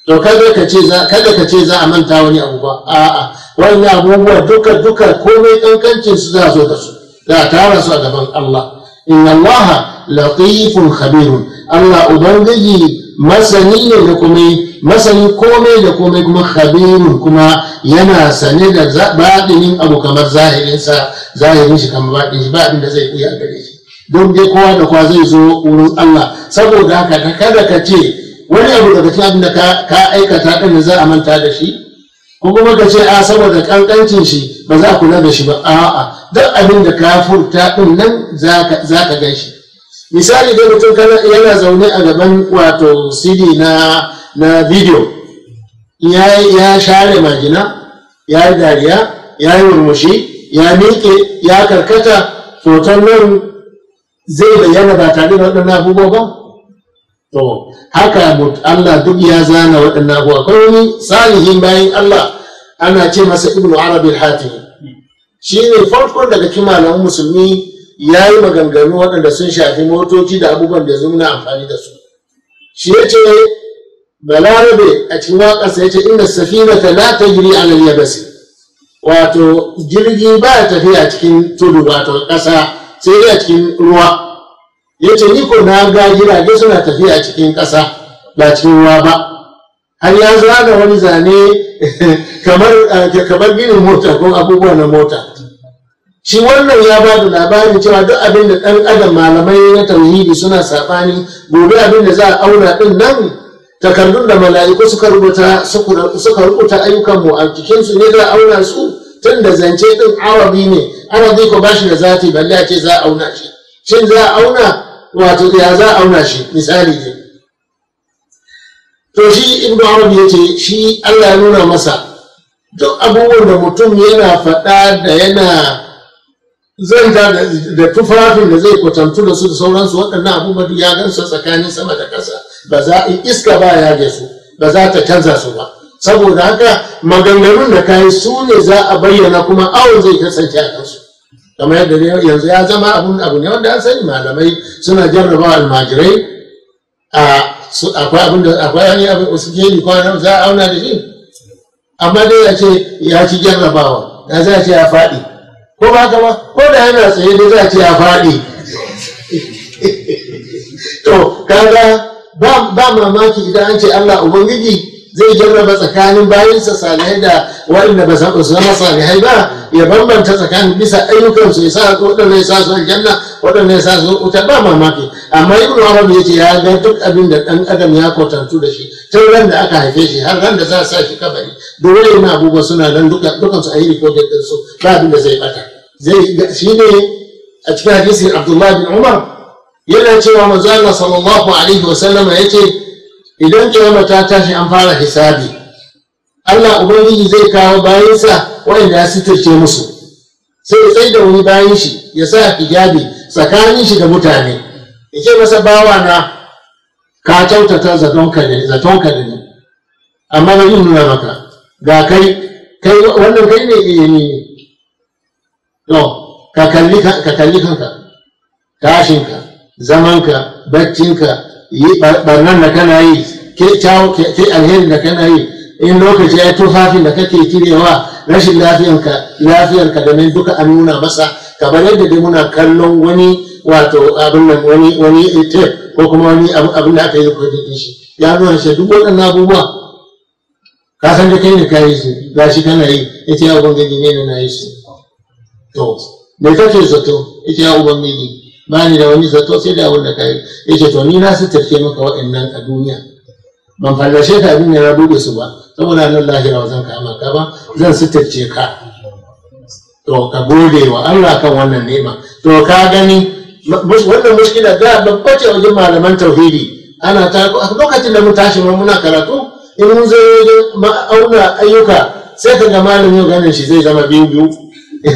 to kada ka ce za kada ka ce za a manta wani abu ba a'a wani abubuwa duka duka komai kankancin su za a zo da su za a tara su a gaban Allah inna Allah latifun khabirun Allah ubangiji masani ne da kuma masani komai da komai kuma khabirun kuma yana sane da baɗinin abu kamar zahirinsa zahirin shi kamar baɗin shi baɗin da zai kuya gare shi don dai kowa da kowa zai zo wurin Allah saboda haka ka kada ka ce wani abu daga cikin abin da ka aikata ɗin da za a manta da shi ko kuma ka ce a ah, saboda kankancin shi ba za a kula da shi ba a'a duk abin da ka furta ɗin nan za ka gan shi misali dai mutum yana zaune a gaban wato cd na na video ya ya share majina ya yi dariya ya yi murmushi ya miƙe ya karkata hoton nan zai bayyana ba tare da waɗannan abubuwa ba to haka Allah duk ya zana waɗannan abubuwa akwai wani salihin bayan Allah ana ce masa ibnu arabi hatim shi ne farkon daga cikin malaman musulmi ya yi maganganu waɗanda sun shafi motoci da abubuwan da na amfani da su shi ya ce balarabe a cikin waƙarsa ya ce inda safina ta la ta giri alal yabasi wato jirgi ba tafiya cikin tudu wato ƙasa sai dai a cikin ruwa ya ce ni ko na ga jirage suna tafiya cikin ƙasa ba cikin ruwa ba har ya da wani zane eh, kamar ginin mota ko abubuwa na mota shi wannan ya ba da labarin cewa duk abin da ɗan adam malamai na tauhidi suna saɓani gobe abin da za a auna ɗin nan takardun da mala'iku suka rubuta suka rubuta ayyukan mu a cikin su ne za a auna su tun da zance ɗin arabi ne arabi ko ba shi da zati balle a ce za a auna shi shin za a auna wato ya za a auna shi misali ne to shi ibnu arabi yace shi Allah ya nuna masa duk abubuwan da mutum yana faɗa da yana zan ja da tufafin da zai kwatantu da su da sauransu waɗannan abubuwa duk ya gansa tsakanin sama da ƙasa ba za iska ba ya ga su ba za ta canza su ba saboda haka maganganun da kayi su ne za a bayyana kuma awon zai kasance a kansu kamar yadda yanzu ya zama abun abu ne wanda an sani malamai suna jarraba almajirai a akwai abin da akwai wani abin da suke yi kwanan za a auna da shi amma dai ya ce ya ci jarrabawa ya za ce ya faɗi ko ba ka ba ko da yana tsaye zaki za a ce ya faɗi to kaga ba mamaki idan an ce Allah ubangiji zai jarraba tsakanin bayansa salihai da waɗanda ba su zama salihai ba ya bambanta tsakanin bisa ayyukansu ya sa waɗanda ya sa su aljanna da ya sa su wuta ba mamaki amma ibnu arabi ya ce ya ga duk abin da ɗan adam ya kwatantu da shi tun ran da aka haife shi har ran da za a sa shi kabari duk wani na abubuwa suna nan dukan su a yi rikodin su ba abin da zai bata zai shi ne a cikin hadisin abdullahi bin umar yana cewa manzo Allah sallallahu alaihi wasallama yace idan kiyama ta tashi an fara hisabi Allah ubangiji zai kawo bayansa wanda ya sitirce musu sai ya tsaye da wani bayan shi ya sa hijabi tsakanin shi da mutane ya ce masa bawa na ka kyautata zaton ka ne amma ba yin nuna maka ga kai kai wannan kai ne ne to ka kalli ka kalli kanka tashinka zamanka baccinka yi barnan da kana yi ke tawo ke alheri da kana yi in lokaci ya tufafin da kake cirewa rashin lafiyar lafiyar ka da mai duka an nuna masa kamar yadda dai muna kallon wani wato abin nan wani wani tape ko kuma wani abin da aka yi kwadin shi ya nuna shi duk waɗannan abubuwa ka san da kai ne ka yi shi ga shi kana yi ita ya ubangiji ne na yi shi to me kake zato ita ya ubangiji ba ni da wani zato sai da abin da ka yi yace to ni na su tafiye maka waɗannan a duniya ban fallashe ka abin na buɗe su ba saboda nan lahira ba zan kama ka ba zan sutarce ka to ka gode wa Allah kan wannan nema to ka gani wannan mushkila da babbace wajen malaman tauhidi ana ta lokacin da mun tashi ma muna karatu in mun zo auna ayyuka sai ka ga malamin ganin shi zai zama biyu biyu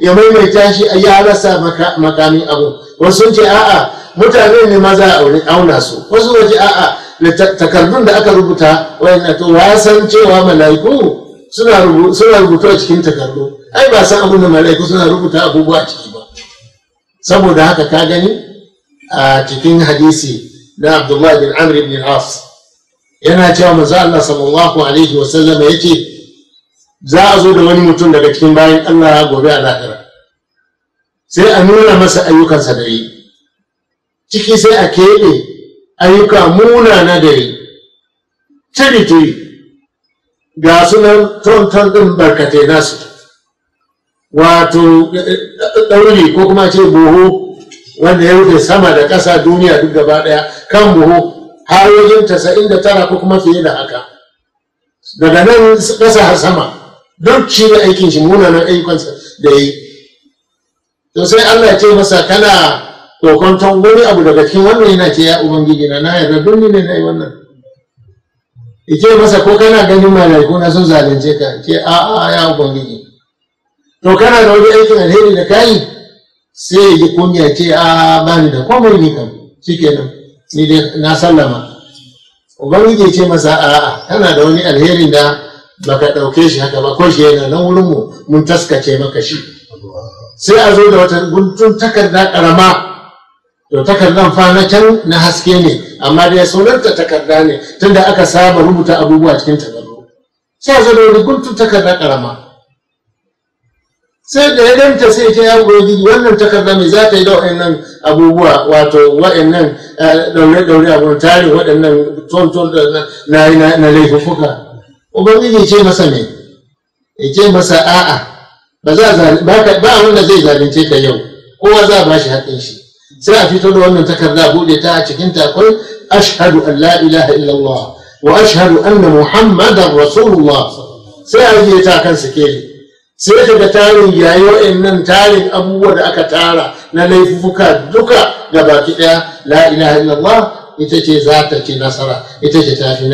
ya maimaita shi a ya rasa makamin abu wasu ce a'a mutane ne ma za a auna su wasu waje a'a takardun da aka rubuta wayan to ya san cewa mala'iku suna rubutu a cikin takardu ai ba san abin da mala'iku suna rubuta abubuwa a ciki ba saboda haka ka gani a cikin hadisi na abdullahi bin amr ibn as yana cewa maza Allah sallallahu alaihi ya yace za a zo da wani mutum daga cikin bayan Allah gobe a lahira sai a nuna masa ayyukansa da yi ciki sai a keɓe ayyuka munana da yi tiri-tiri ga sunan tonton ɗin barkatai nasu wato ɗauri ko kuma ce buhu wanda ya rufe sama da ƙasa duniya duk gaba ɗaya kan buhu har wajen tasa'in da tara ko kuma fiye da haka daga nan ƙasa har sama duk shi ne aikin shi munanan ayyukansa da yi to sai Allah ce masa kana kokonton wani abu daga cikin wannan yana ce ya ubangiji na na yarda don ne na yi wannan ike masa ko kana ganin malaiku na sun zalunce ka Ke a a ya ubangiji to kana da wani aikin alheri da kayi sai ya ji kunya ce a bani da komai ne kam shikenan sai dai na sallama ubangiji ce masa a'a tana da wani alherin da baka ɗauke shi haka ba ko shi yana nan wurin mu mun taskace maka shi sai a zo da wata guntun takarda ƙarama to takardan fa na can na haske ne amma dai sunanta takarda ne tunda aka saba rubuta abubuwa cikin takardu sai a zo da wani guntun takarda ƙarama sai da ya danta sai ta ya gogi wannan takarda mai za ta yi da waɗannan abubuwa wato waɗannan daure-daure eh, abun tare waɗannan tonton da na yi na laifuka ubangiji ce masa ne ya ce masa a'a ba a wanda zai zalunce ka yau kowa za a ba shi haɗin shi sai a fito da wannan takarda buɗe ta a cikin akwai ashhadu an la ilaha illallah wa ashhadu anna muhammadan rasulullah sai a yi ta kan sikeli sai daga tarin yayi wa'annan tarin abubuwa da aka tara na laifuka duka da baki ɗaya la ilaha illallah ita ce za ta ci nasara ita ce tafi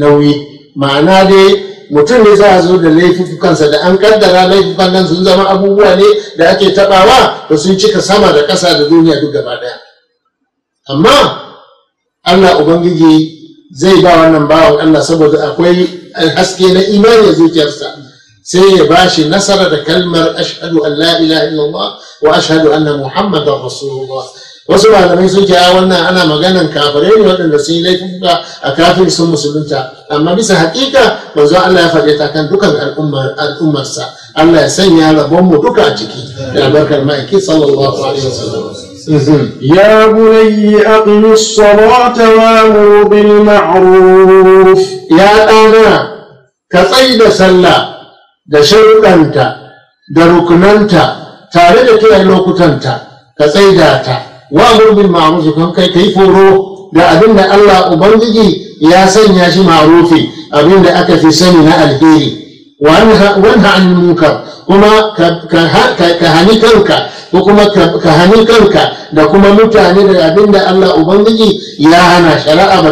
nauyi ma'ana dai mutum ne za a zo da laifukansa da an kaddara laifukan nan sun zama abubuwa ne da ake tabawa da sun cika sama da ƙasa da duniya duk gaba daya amma allah ubangiji zai ba wannan bawan allah saboda akwai haske na imani a zuciyarsa sai ya bashi nasara da kalmar ashadu an la ilaha illallah wa ashhadu anna muhammadar rasulullah wasu malamai sun kira ah, wannan ana maganan kafirai ne waɗanda sun yi laifuka a kafin sun musulunta amma bisa haƙiƙa manzo Allah ya faɗe ta kan dukkan al'ummarsa Allah ya sanya rabonmu duka a ciki da albarkar ma'aiki sallallahu alaihi wasallam يا بني أقم الصلاة وأمر بالمعروف يا أنا كصيد سلّى da sharuɗanta da rukunanta tare da kiran lokutanta ka tsaida ta wa gurbin ma'arufi kan kai yi foro da abin da Allah Ubangiji ya sanya shi ma'arufi abin da aka fi sani na alheri Wani an kuma ka hani kanka ko kuma ka hani kanka da kuma mutane da abin da Allah Ubangiji ya hana shari'a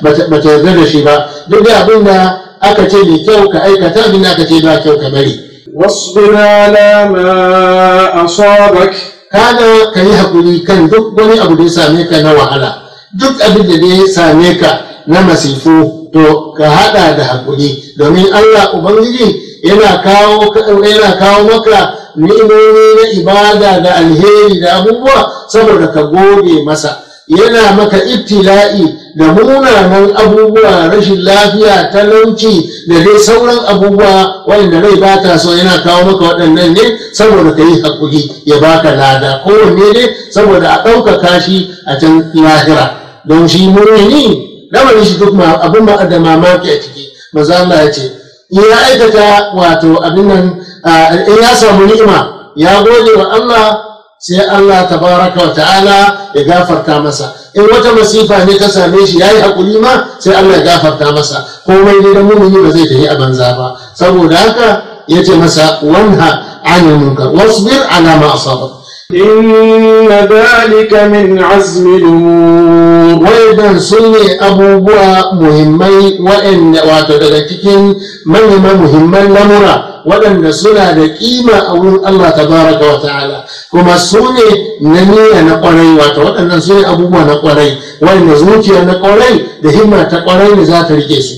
ba ta yarda da shi ba duk da abin da aka ce mai kyau ka aikata abin aka ce ba kyau ka bari na على a أصابك kada ka yi haƙuri kan duk wani abu da ya same ka na wahala duk abin da ya same ka na masifu to ka haɗa da haƙuri domin Allah Ubangiji yana kawo yana kawo maka ni'imomi na ibada da alheri da abubuwa saboda ka goge masa yana maka ittila'i da munanan abubuwa rashin lafiya talauci da dai sauran abubuwa wanda rai ba ta so yana kawo maka waɗannan ne saboda ka yi haƙuri ya baka lada kowanne ne saboda a ɗaukaka shi a can lahira don shi mumini lamarin shi duk abin da mamaki a ciki ba za ya ce ya aikata wato abin nan in ya samu ni'ima ya gode wa Allah sai Allah tabaraka wa ta'ala ya gafarta masa in wata masifa ne ta same shi yayi hakuri ma sai Allah ya gafarta masa komai ne da mumini ba zai tafi a banza ba saboda haka yace masa wanha anil munkar wasbir ala ma asabak إن ذلك من عزم الأمور وإذن سنة أبو بوا مهمي وإن واتدركتين من مهمي لمرأ waɗanda suna da ƙima a wurin Allah tabaraka wa ta'ala kuma su ne na niyya na ƙwarai wato waɗannan su ne abubuwa na ƙwarai wanda zuciya na ƙwarai da himma ta ƙwarai ne za ta rike su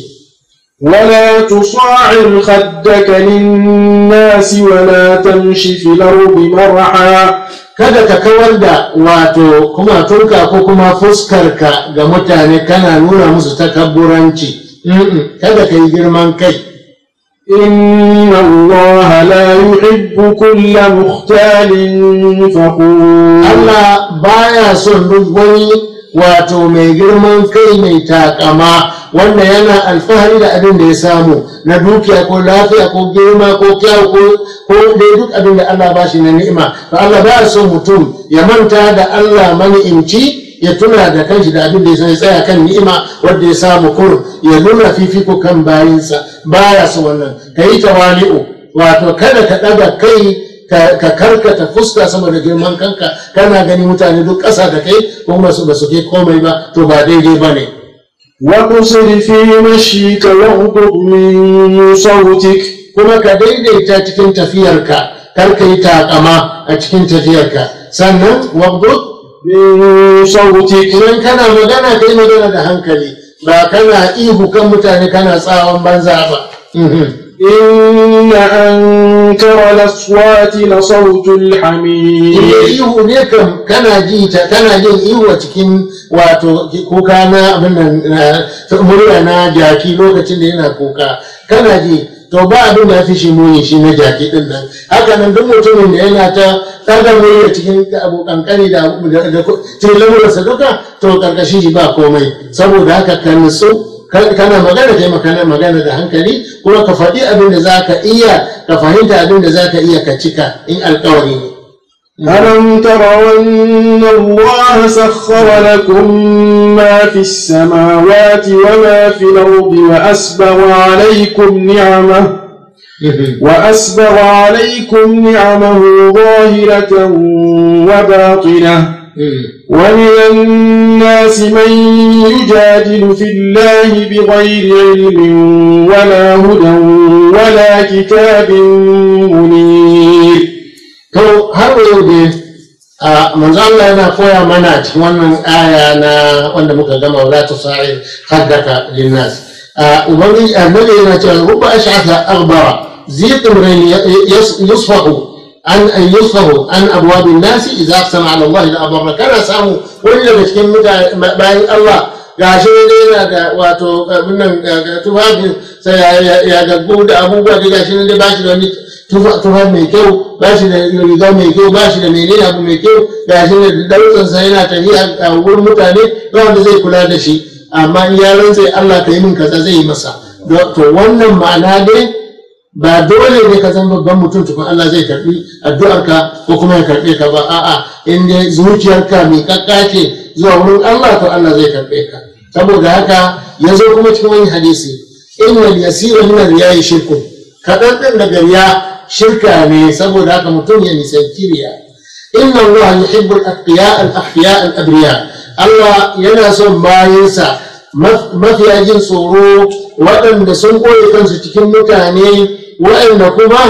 ولا تصاعر خدك للناس ولا تمشي في الأرض مرحا kada ka kawar da wato kuma turka ko kuma fuskarka ga mutane kana nuna musu takabburanci kada ka yi girman kai إن الله لا يحب كل مختال فخور الله بايا سنبوي wato mai girman kai mai takama wanda yana alfahari da abin da ya samu na dukiya ko lafiya ko girma ko kyau ko dai duk abin da Allah ba shi na ni'ima to Allah ba son mutum ya manta da Allah mani'inci ya tuna da kanshi da abin da ya tsaya kan ni'ima wanda ya samu kurum ya nuna fifiko kan bayinsa baya su wannan ka yi tawali'u wato kada ka ɗaga kai ka karkata fuska sama da girman kanka kana gani mutane duk ƙasa da kai ko masu ba su ke komai ba to ba daidai ba ne mashi ka مشيك واغضب من Kuma ka daidaita cikin tafiyarka kar ka yi takama a cikin tafiyarka sannan wagdud sauti idan kana magana kai magana da hankali ba kana ihu kan mutane kana tsawon banza ba inna ankara laswati la sautul hamid ihu ne kan kana ji ta kana jin ihu a cikin wato kuka na murya na jaki lokacin da yana kuka to ba abin da fi shi muni shi na jaki din nan haka nan duk mutumin da yana ta tsagar murya cikin abu kare da cikin lamurarsa duka to karkashin shi ba komai saboda haka ka nutsu kana magana kai makana magana da hankali kuma ka faɗi abin da za ka iya ka fahimta abin da za ka iya ka cika in alkawari ne ألم تروا أن الله سخر لكم ما في السماوات وما في الأرض وأسبغ عليكم نعمه وأسبغ عليكم نعمه ظاهرة وباطنة ومن الناس من يجادل في الله بغير علم ولا هدى ولا كتاب منير to har yau da a manzo Allah yana koya mana a cikin wannan aya na wanda muka gama la tusa'i haddaka linnas ubangiji annabi yana cewa rubba ash'atha aghbara ziqrin yusfahu an an yusfahu an abwabin nasi idza aqsama ala Allah la abarra kana samu wani daga cikin bayan Allah gashi ne yana da wato abin nan sai ya gaggo da abubuwa da gashi ne ba shi da wani tufa mai kyau ba shi da riga mai kyau ba shi da menene abu mai kyau ga shi da dautsansa yana tafiya a wurin mutane ba wanda zai kula da shi amma in ya Allah ka yi min kaza zai yi masa to wannan ma'ana dai ba dole ne ka san babban mutum tukun Allah zai karbi addu'arka ko kuma ya karbe ka ba a'a in dai zuciyarka mai kakka zuwa wurin Allah to Allah zai karbe ka saboda haka ya zo kuma cikin wani hadisi in wal yasira min riya'i shirku kadan din daga riya shirka ne saboda haka mutum ya nisanci riya inna Allah yuhibbu al-atqiya al-ahya al-abriya Allah yana son bayansa mafiya jin tsoro waɗanda sun koyi kansu cikin mutane waɗanda kuma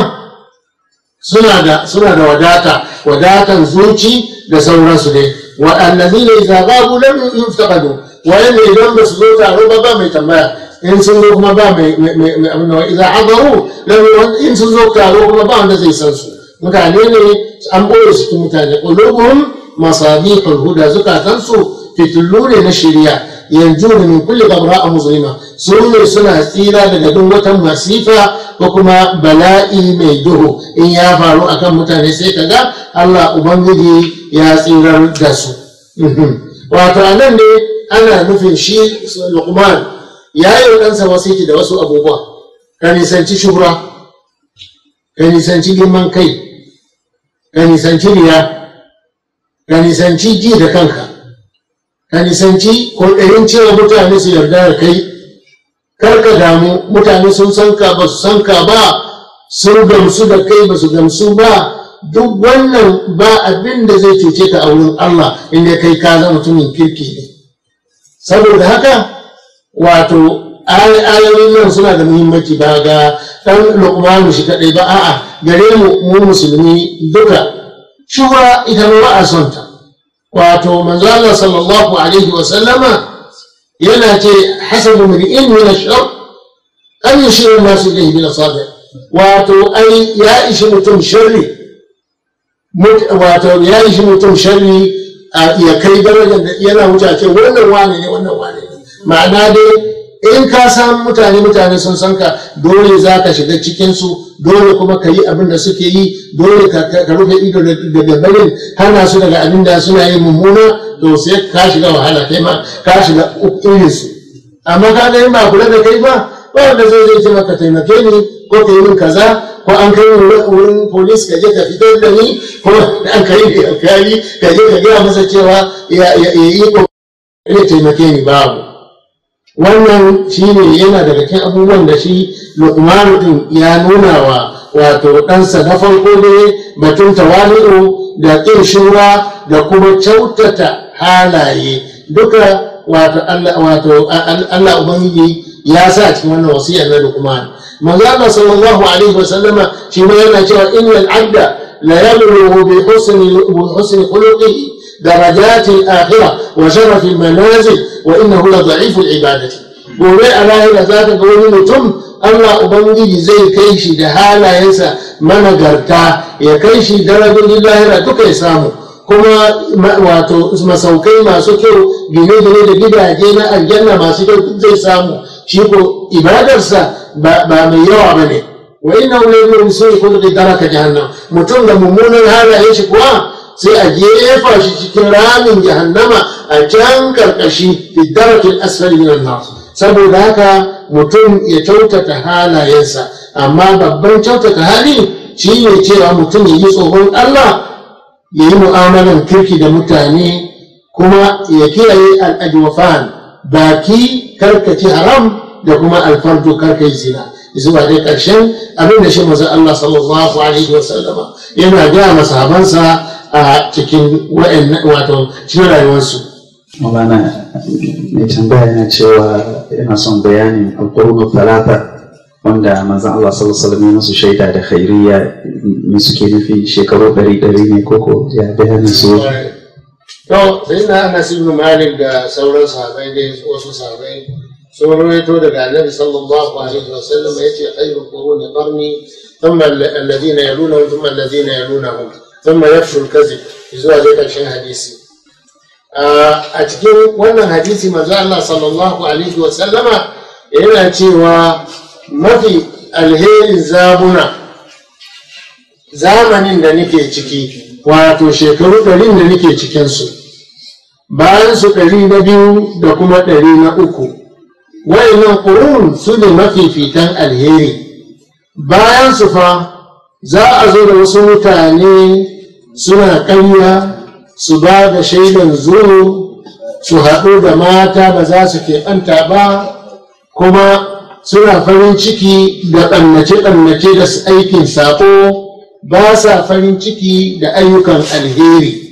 suna da suna da wadata wadatan zuci da sauransu ne waɗannan ne zababu lam yufaqadu wayanda idan ba su zo taro ba ba mai tambaya in sun zo kuma ba mai abin da idan an zaru in sun zo taro kuma ba wanda zai san su mutane ne an boye su mutane qulubuhum masabiqul huda zukatan su fitullu ne na shari'a yanzu ne min kulli a muslima su ne suna tsira daga duk wata masifa ko kuma bala'i mai duhu in ya faru akan mutane sai kaga Allah ubangiji ya tsirar da su wato anan ne ana nufin shi Luqman ya yi ɗansa wasiki da wasu abubuwa ka nisanci shubura ka nisanci girman kai ka nisanci riya ka nisanci ji da kanka ka nisanci kokarin cewa mutane su yarda da kai kar ka damu mutane sun san ka ba su san ka ba sun gamsu da kai ba su gamsu ba duk wannan ba abin da zai cece ka a wurin Allah inda kai ka zama mutumin kirki ne saboda haka wato ayoyin nan suna da muhimmanci ba ga ɗan lukmanu shi kaɗai ba a'a gare mu mu musulmi duka shuba ita ma a son ta wato manzo Allah sallallahu alaihi wa sallama yana ce hasabu min ilmi na ash-shar an yushiru nasu ilayhi bil asabi wato ai ya ishi mutum sharri wato ya ishi mutum sharri ya kai darajar da yana wuce ce wannan wane ne wannan wane ne ma'ana dai in ka san mutane mutane sun san ka dole za ka shiga cikinsu dole kuma ka yi abin da suke yi dole ka rufe ido daga barin hana su daga abin da suna yi mummuna to sai ka shiga wahala kai ma ka shiga irinsu amma ka ga in ba kula da kai ba ba wanda zai zai ce maka taimake ni ko ka yi min kaza ko an kai wurin polis ka je ka fito da ni ko an kai da alkali ka je ka gaya masa cewa ya yi ko ya taimake ni babu wannan shi ne yana daga cikin abubuwan da shi lukmanu din ya nuna wa wato ɗansa na farko ne batun tawali'u da ƙin shura da kuma kyautata halaye duka wato Allah Ubangiji ya sa cikin wannan wasiyar na lukman manzo sallallahu alaihi wasallama shi ma yana cewa innal abda la yamlu bi husni bi husni khuluqihi darajati akhirah wa sharafi manazil wa innahu la da'iful ibadati gobe a lahira za ka ga wani mutum Allah Ubangiji zai kai shi da halayensa managarta ya kai shi darajojin lahira duka ya samu kuma wato masaukai masu kyau gine-gine da gidaje na aljanna masu kyau zai samu shi ko ibadarsa ba mai yawa ba ne wa ina wani yin su ko da taraka jahannam mutum da mummunan halayen shi kuwa sai a jefa shi cikin ramin jahannama a can karkashi fi darakin asfali min saboda haka mutum ya kyautata halayensa amma babban kyautata hali shi ne cewa mutum ya yi tsoron Allah ya yi mu'amalan kirki da mutane kuma ya kiyaye al'ajwafan baki karkaci haram da kuma alfardu karka zina zuwa dai ƙarshen abin da shi maza Allah sallallahu alaihi sallama, yana gaya masahabansa a cikin wato cikin rayuwarsu. Mabana mai tambaya yana cewa yana son bayanin alƙurnu talata wanda manzan Allah sallallahu alaihi wasallam shaida da khairiyya ne suke nufi shekaru ɗari ɗari ne koko ya bayanin su. To sai na Anas ibn Malik da sauran sahabai da wasu sahabai sun rawaito daga Annabi sallallahu alaihi wasallam yace ayyul quruni qarni thumma alladhina yalunahum thumma alladhina yalunahum Zan thumma yafshul kadhib zuwa zai karshen hadisi a cikin wannan hadisi manzo Allah sallallahu alaihi wa sallama yana cewa mafi alherin zabuna zamanin da nake ciki wato shekaru ɗari da nake cikinsu bayan su ɗari na biyu da kuma ɗari na uku wa'annan ƙurun su ne mafi fitan alheri bayan su fa za a zo da wasu mutane suna ƙarya su ba da shaidan zuru su haɗu da mata ba za su keɓanta ba kuma suna farin ciki da ɗannace-ɗannace da aikin saƙo ba sa farin ciki da ayyukan alheri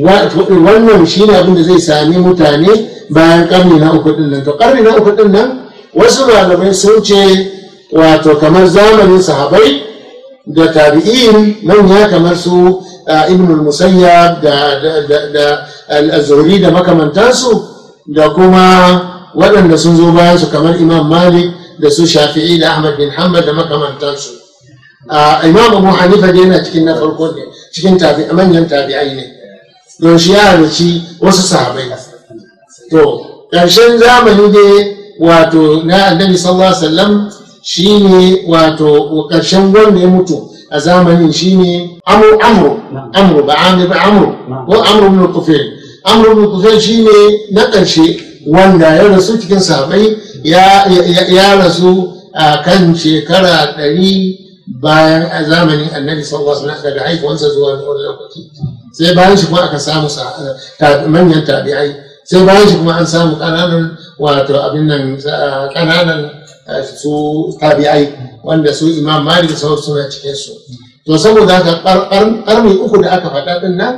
wannan shi ne abin da zai sami mutane bayan ƙarni na uku ɗin nan to ƙarni na uku ɗin nan wasu malamai sun ce wato kamar zamanin sahabai da tabi'in manya kamar su ibn musayyab da al-zuhri da makamantansu da kuma waɗanda sun zo bayan su kamar imam malik da su shafi'i da ahmad bin hanbal da makamantansu imam abu hanifa dai yana cikin na farko ne cikin manyan tabi'ai ne don shi ya halarci wasu sahabai to ƙarshen zamani dai wato na annabi sallallahu alaihi wasallam shine wato ƙarshen wanda ya mutu a zamanin shine amru amru amru ba amru ba amru ko amru ibn kufail amru ibn kufail shine na ƙarshe wanda ya rasu cikin sahabai ya rasu a kan shekara ɗari bayan a zamanin annabi sallallahu alaihi daga haifuwansa zuwa wani lokaci sai bayan shi kuma aka samu manyan tabi'ai sai bayan shi kuma an samu ƙananan wato abin nan ƙananan su tabi'ai wanda su imam malik sau suna cikin su to saboda haka karni uku da aka faɗa din nan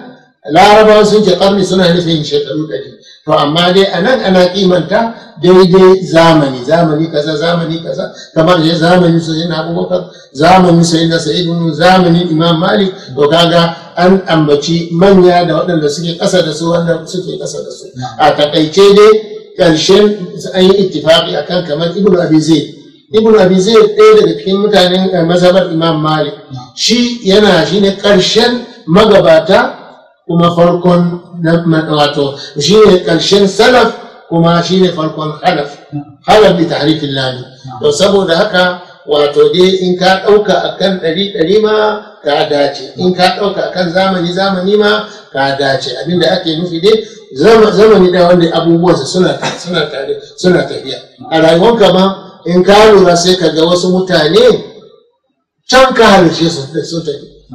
larabawa sun ce karni suna nufin shekaru ɗari to amma dai a nan ana kimanta daidai zamani zamani kaza zamani kaza kamar dai zamani su yana abubakar zamani su yana sa'idun zamani imam malik to kaga an ambaci manya da waɗanda suke ƙasa da su wanda suke ƙasa da su a taƙaice dai ƙarshen an yi ittifaqi akan kamar ibnu abi zaid ibnu abi zaid ɗaya daga cikin mutanen eh, mazhabar imam malik shi yana shi ne karshen magabata kuma farkon wato shi ne ƙarshen salaf kuma shi ne farkon halaf halaf bi tahrifin lami to saboda haka wato dai in ka ɗauka akan ɗari ɗari ma ka dace in ka ɗauka akan zamani zamani ma ka dace abinda ake nufi dai zamani da wanda abubuwansa suna tare suna tafiya a rayuwanka ma in ka lura sai ka ga wasu mutane can ka halice su da su tafi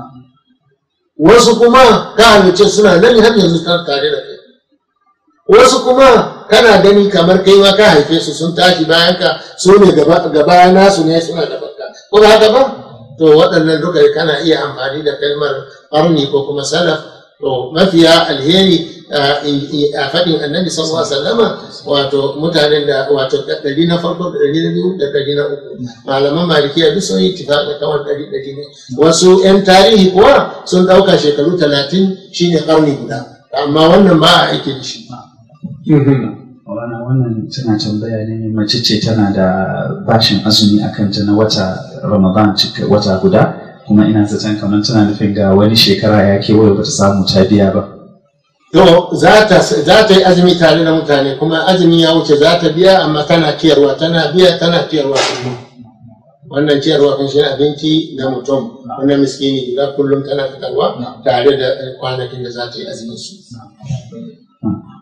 wasu kuma ka halice suna nan har yanzu tare da kai wasu kuma kana gani kamar kai ma ka haife su sun tashi bayan ka su ne gaba nasu ne suna da barka ko haka ba to waɗannan duka kana iya amfani da kalmar arni ko kuma salaf to mafiya alheri a faɗin annabi sallallahu alaihi wasallama wato mutanen da wato ɗari na farko da ɗari na biyu da ɗari na uku malaman malikiya duk sun yi tifaƙa kawai ɗari ɗari ne wasu ƴan tarihi kuwa sun ɗauka shekaru talatin shine ƙarni guda amma wannan ba a aiki da shi ba. wannan tana tambaya ne mace ce tana da bashin azumi akan ta na wata ramadan wata guda kuma ina zaton kamar tana nufin ga wani shekara ya wayo bata samu ta biya ba to za ta yi azumi tare da mutane kuma azumi ya wuce za ta biya amma tana ciyarwa tana biya tana ciyarwa wannan ciyarwa kan shi abinci na mutum wannan miskini guda kullum tana fitarwa tare da kwanakin da za ta yi azumin su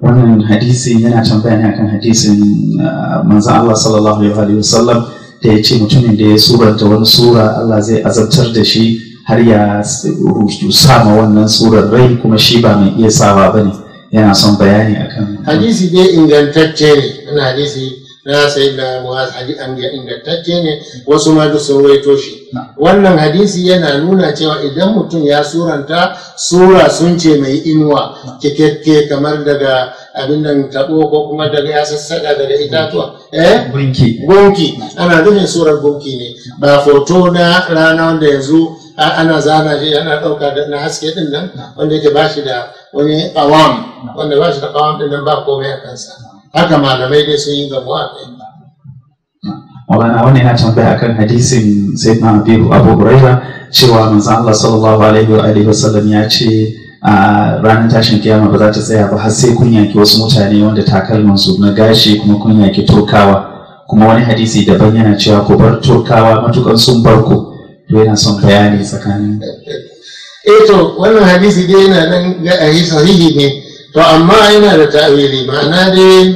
wannan hadisi yana tambaya ne akan hadisin ah, manzo Allah sallallahu alaihi sallam da ya ce mutumin da ya suranta wani sura Allah zai azabtar da shi har ya sama wannan surar rai kuma shi ba mai iya sawa ba ne yana son bayani akan hadisi dai ingantacce ne ana hadisi na sai da muhaz hadisi ingantacce ne wasu ma duk sun waito wannan hadisi yana nuna cewa idan mutum ya suranta sura sun ce mai inuwa kekeke kamar daga abin nan taɓo ko kuma daga ya sassaƙa daga itatuwa eh gunki gunki ana nufin surar gunki ne ba foto na rana wanda yanzu ana zana shi ana ɗauka na haske ɗin nan wanda yake bashi da wani ƙawam wanda bashi da ƙawam ɗin nan ba komai a kansa haka malamai dai sun yi gamo a kai Maulana wannan yana tambaya akan hadisin Sayyidina Abu Hurairah cewa manzon Allah sallallahu alaihi wa alihi wasallam ya ce a ranar tashin kiyama ba za ta tsaya ba har sai kun ke wasu mutane wanda takalman su na gashi kuma kun ke turkawa kuma wani hadisi daban yana cewa ku bar turkawa matukan sun bar ku to yana son bayani tsakanin eh to wannan hadisi dai yana nan ga ayi sahihi ne to amma yana da ta'awili ma'ana dai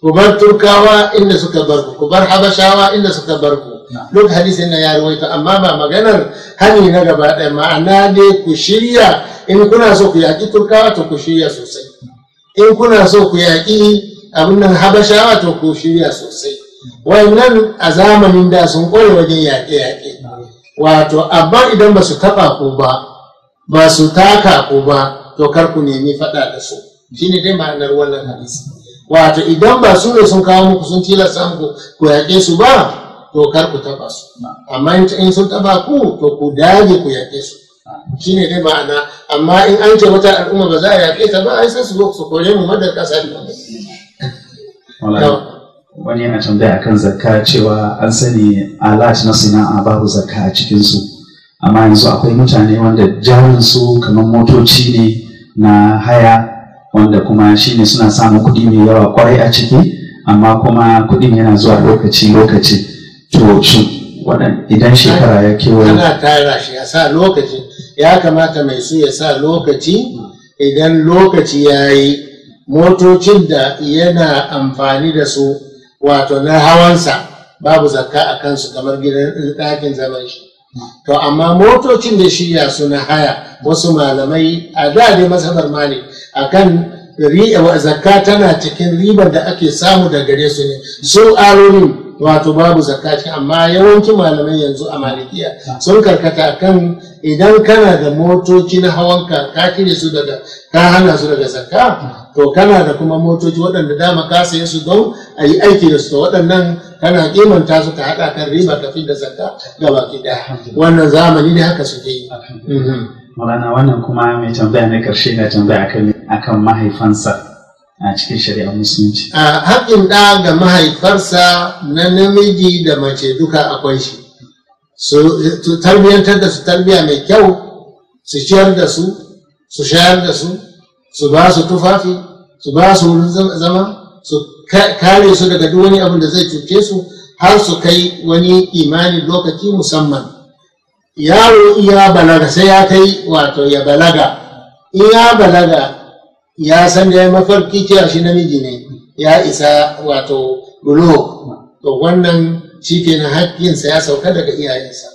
ku bar turkawa inda suka bar ku ku bar habashawa inda suka bar ku duk hadisin na ya ruwaito amma ba maganar hani na gaba ɗaya ma'ana ne ku shirya in kuna so ku yaƙi turkawa to ku shirya sosai in kuna so ku yaƙi abin nan habashawa to ku shirya sosai wannan a zamanin da sun ƙware wajen yaƙe-yaƙe wato amma idan ba su taɓa ku ba ba su taka ku ba to kar ku nemi faɗa da su shine dai ma'anar wannan hadisi wato idan ba su ne sun kawo muku sun tilasta muku ku yaƙe su ba to kar ku taba su amma in sun taba ku to ku dage ku yaƙe su shine dai ma'ana amma in an ce wata al'umma ba za a yaƙe ta ba ai sai su zo su kore mu madar ƙasa da wani yana tambaya akan zakka cewa an sani alat na sana'a babu zakka a cikinsu amma yanzu akwai mutane wanda jarinsu kamar motoci ne na haya wanda kuma shine suna samun kuɗi mai yawa kwarai a ciki amma kuma kuɗin yana zuwa lokaci-lokaci coci wannan idan shekara ya kewaye ana tara shi ya sa lokaci ya kamata mai su ya sa lokaci idan lokaci ya yi motocin da yana amfani da su wato na hawansa babu zakka a kansu kamar gidan ɗakin zaman shi to amma motocin da shirya su na haya wasu malamai a da ne masabar mali akan zakka tana cikin ribar da ake samu da gare su ne sun arorin wato babu zakka amma yawancin malamai yanzu a malikiya sun karkata kan idan kana da motoci na hawan ka kire su daga ka hana su daga zakka to kana da kuma motoci waɗanda dama ka saye su don a yi aiki da su to waɗannan kana kimanta su ka haɗa kan riba ka da zakka ga baki ɗaya wannan zamani ne haka suke yi. Malana wannan kuma mai tambaya na ƙarshe na tambaya akan mahaifansa a cikin shari'ar musulunci a haƙin ɗa ga mahaifarsa na namiji da mace duka akwai shi su tarbiyyantar da su tarbiyya mai kyau su ciyar da su su shayar da su su ba su tufafi su ba su wurin zama su kare su daga duk wani abin da zai cuce su har su kai wani imani lokaci musamman yaro iya balaga sai ya kai wato ya balaga in balaga ya san ya mafarki cewa shi namiji ne ya isa wato bulo to wannan shi na haƙƙinsa ya sauka daga iyayensa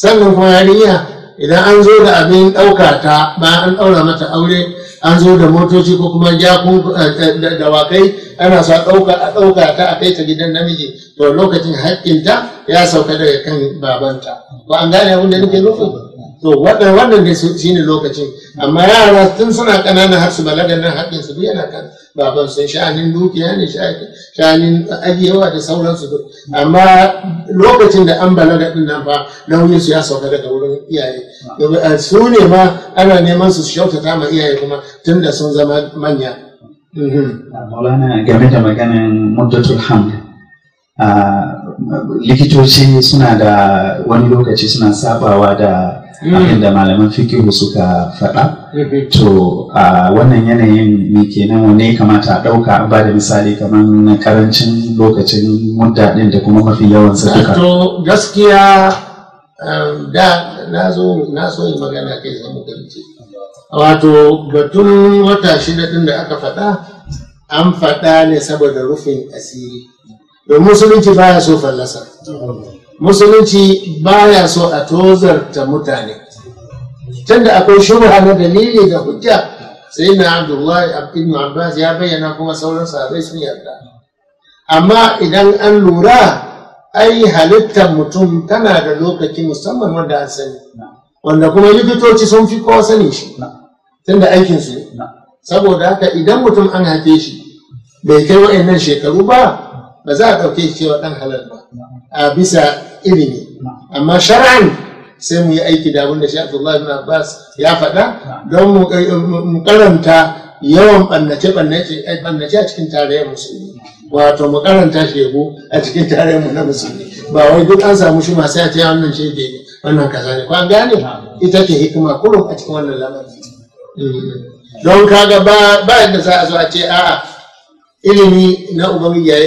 sannan kuma yarinya idan an zo da abin ɗauka ta bayan an ɗaura mata aure an zo da motoci ko kuma jakun eh, dawakai ana sa ɗauka a ɗauka ta a kai ta gidan namiji to lokacin haƙƙinta ya sauka daga kan babanta ba an gane abin da nake nufin to wannan dai shi ne lokacin amma yara tun suna ƙanana har su balaga nan haƙƙin su yana kan baban sun sha'anin dukiya ne sha'anin ajiyewa da sauransu duk amma lokacin da an balaga din nan fa nauyin su ya sauka daga wurin iyaye eh, su ne ma ana neman su kyautata ma iyaye kuma tun da sun zama manya. Mhm. Maulana game da maganin muddatul hamd ah, likitoci suna da wani lokaci suna sabawa da Mm. da malaman fikihu suka faɗa mm-hmm. to a wannan yanayin me kenan wanne ya kamata a ɗauka ba da misali kamar na karancin lokacin mudda ɗin da kuma mafi yawan sadaka to gaskiya um, da na zo na so yi magana kai zama muka wato batun wata shida ɗin da aka faɗa an faɗa ne saboda rufin asiri domin musulunci baya so fallasa mm. musulunci baya so a tozarta mutane tunda akwai shubha na dalili da hujja sai na abdullahi ibn abbas ya bayyana kuma sauran sahabbai sun yarda amma idan an lura ai halittar mutum tana da lokaci musamman wanda an sani wanda kuma likitoci sun fi kowa sanin shi tunda aikin su saboda haka idan mutum an hake shi bai kai wa'annan shekaru ba ba za a ɗauke shi cewa ɗan halal ba a bisa ilimi amma shar'an sai mu yi aiki da abinda da shi Abdullahi bin Abbas ya faɗa don eh, mu karanta yawan ɓannace-ɓannace eh, a cikin tarayyar musulmi wato mu karanta shegu a cikin tarayyar mu na musulmi ba wai duk an samu shi masu yace wannan shege ne wannan kaza ne ko an gane ita ce hikima kurum a cikin wannan lamarin mm. don kaga ba yadda za a zo a ce a'a ilimi na Umaru ya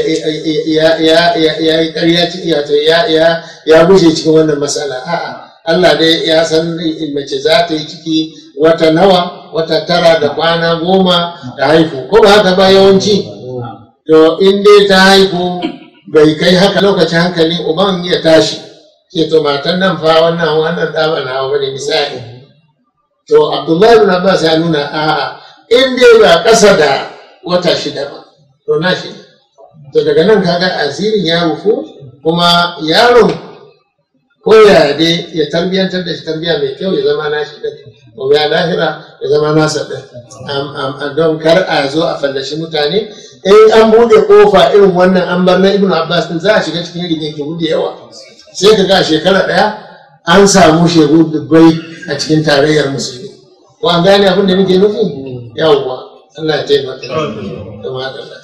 yi ƙarya ya gushe cikin wannan matsala a'a Allah dai ya san mace za ta yi ciki wata nawa wata tara da kwana goma da haihu ko ba haka ba yawanci to in dai ta haihu bai kai haka lokacin hankali Umaru ya tashi ke to matan nan fa wannan wannan da na hawa ne misali to Abdullahi bin Abbas ya nuna a'a in dai ba ƙasa da wata shida ba to to daga nan kaga asirin ya rufu kuma yaron ya dai ya tarbiyantar da shi tarbiya mai kyau ya zama nashi da kuma ya lahira ya zama nasa am don kar a zo a fallashi mutane eh an bude kofa irin wannan an bar na ibnu abbas din za a shiga cikin ke bude yawa sai ka ga shekara daya an samu shehu dubbai a cikin tarayyar musulmi ko an gane abin da muke nufi mm. yawwa Allah ya taimaka da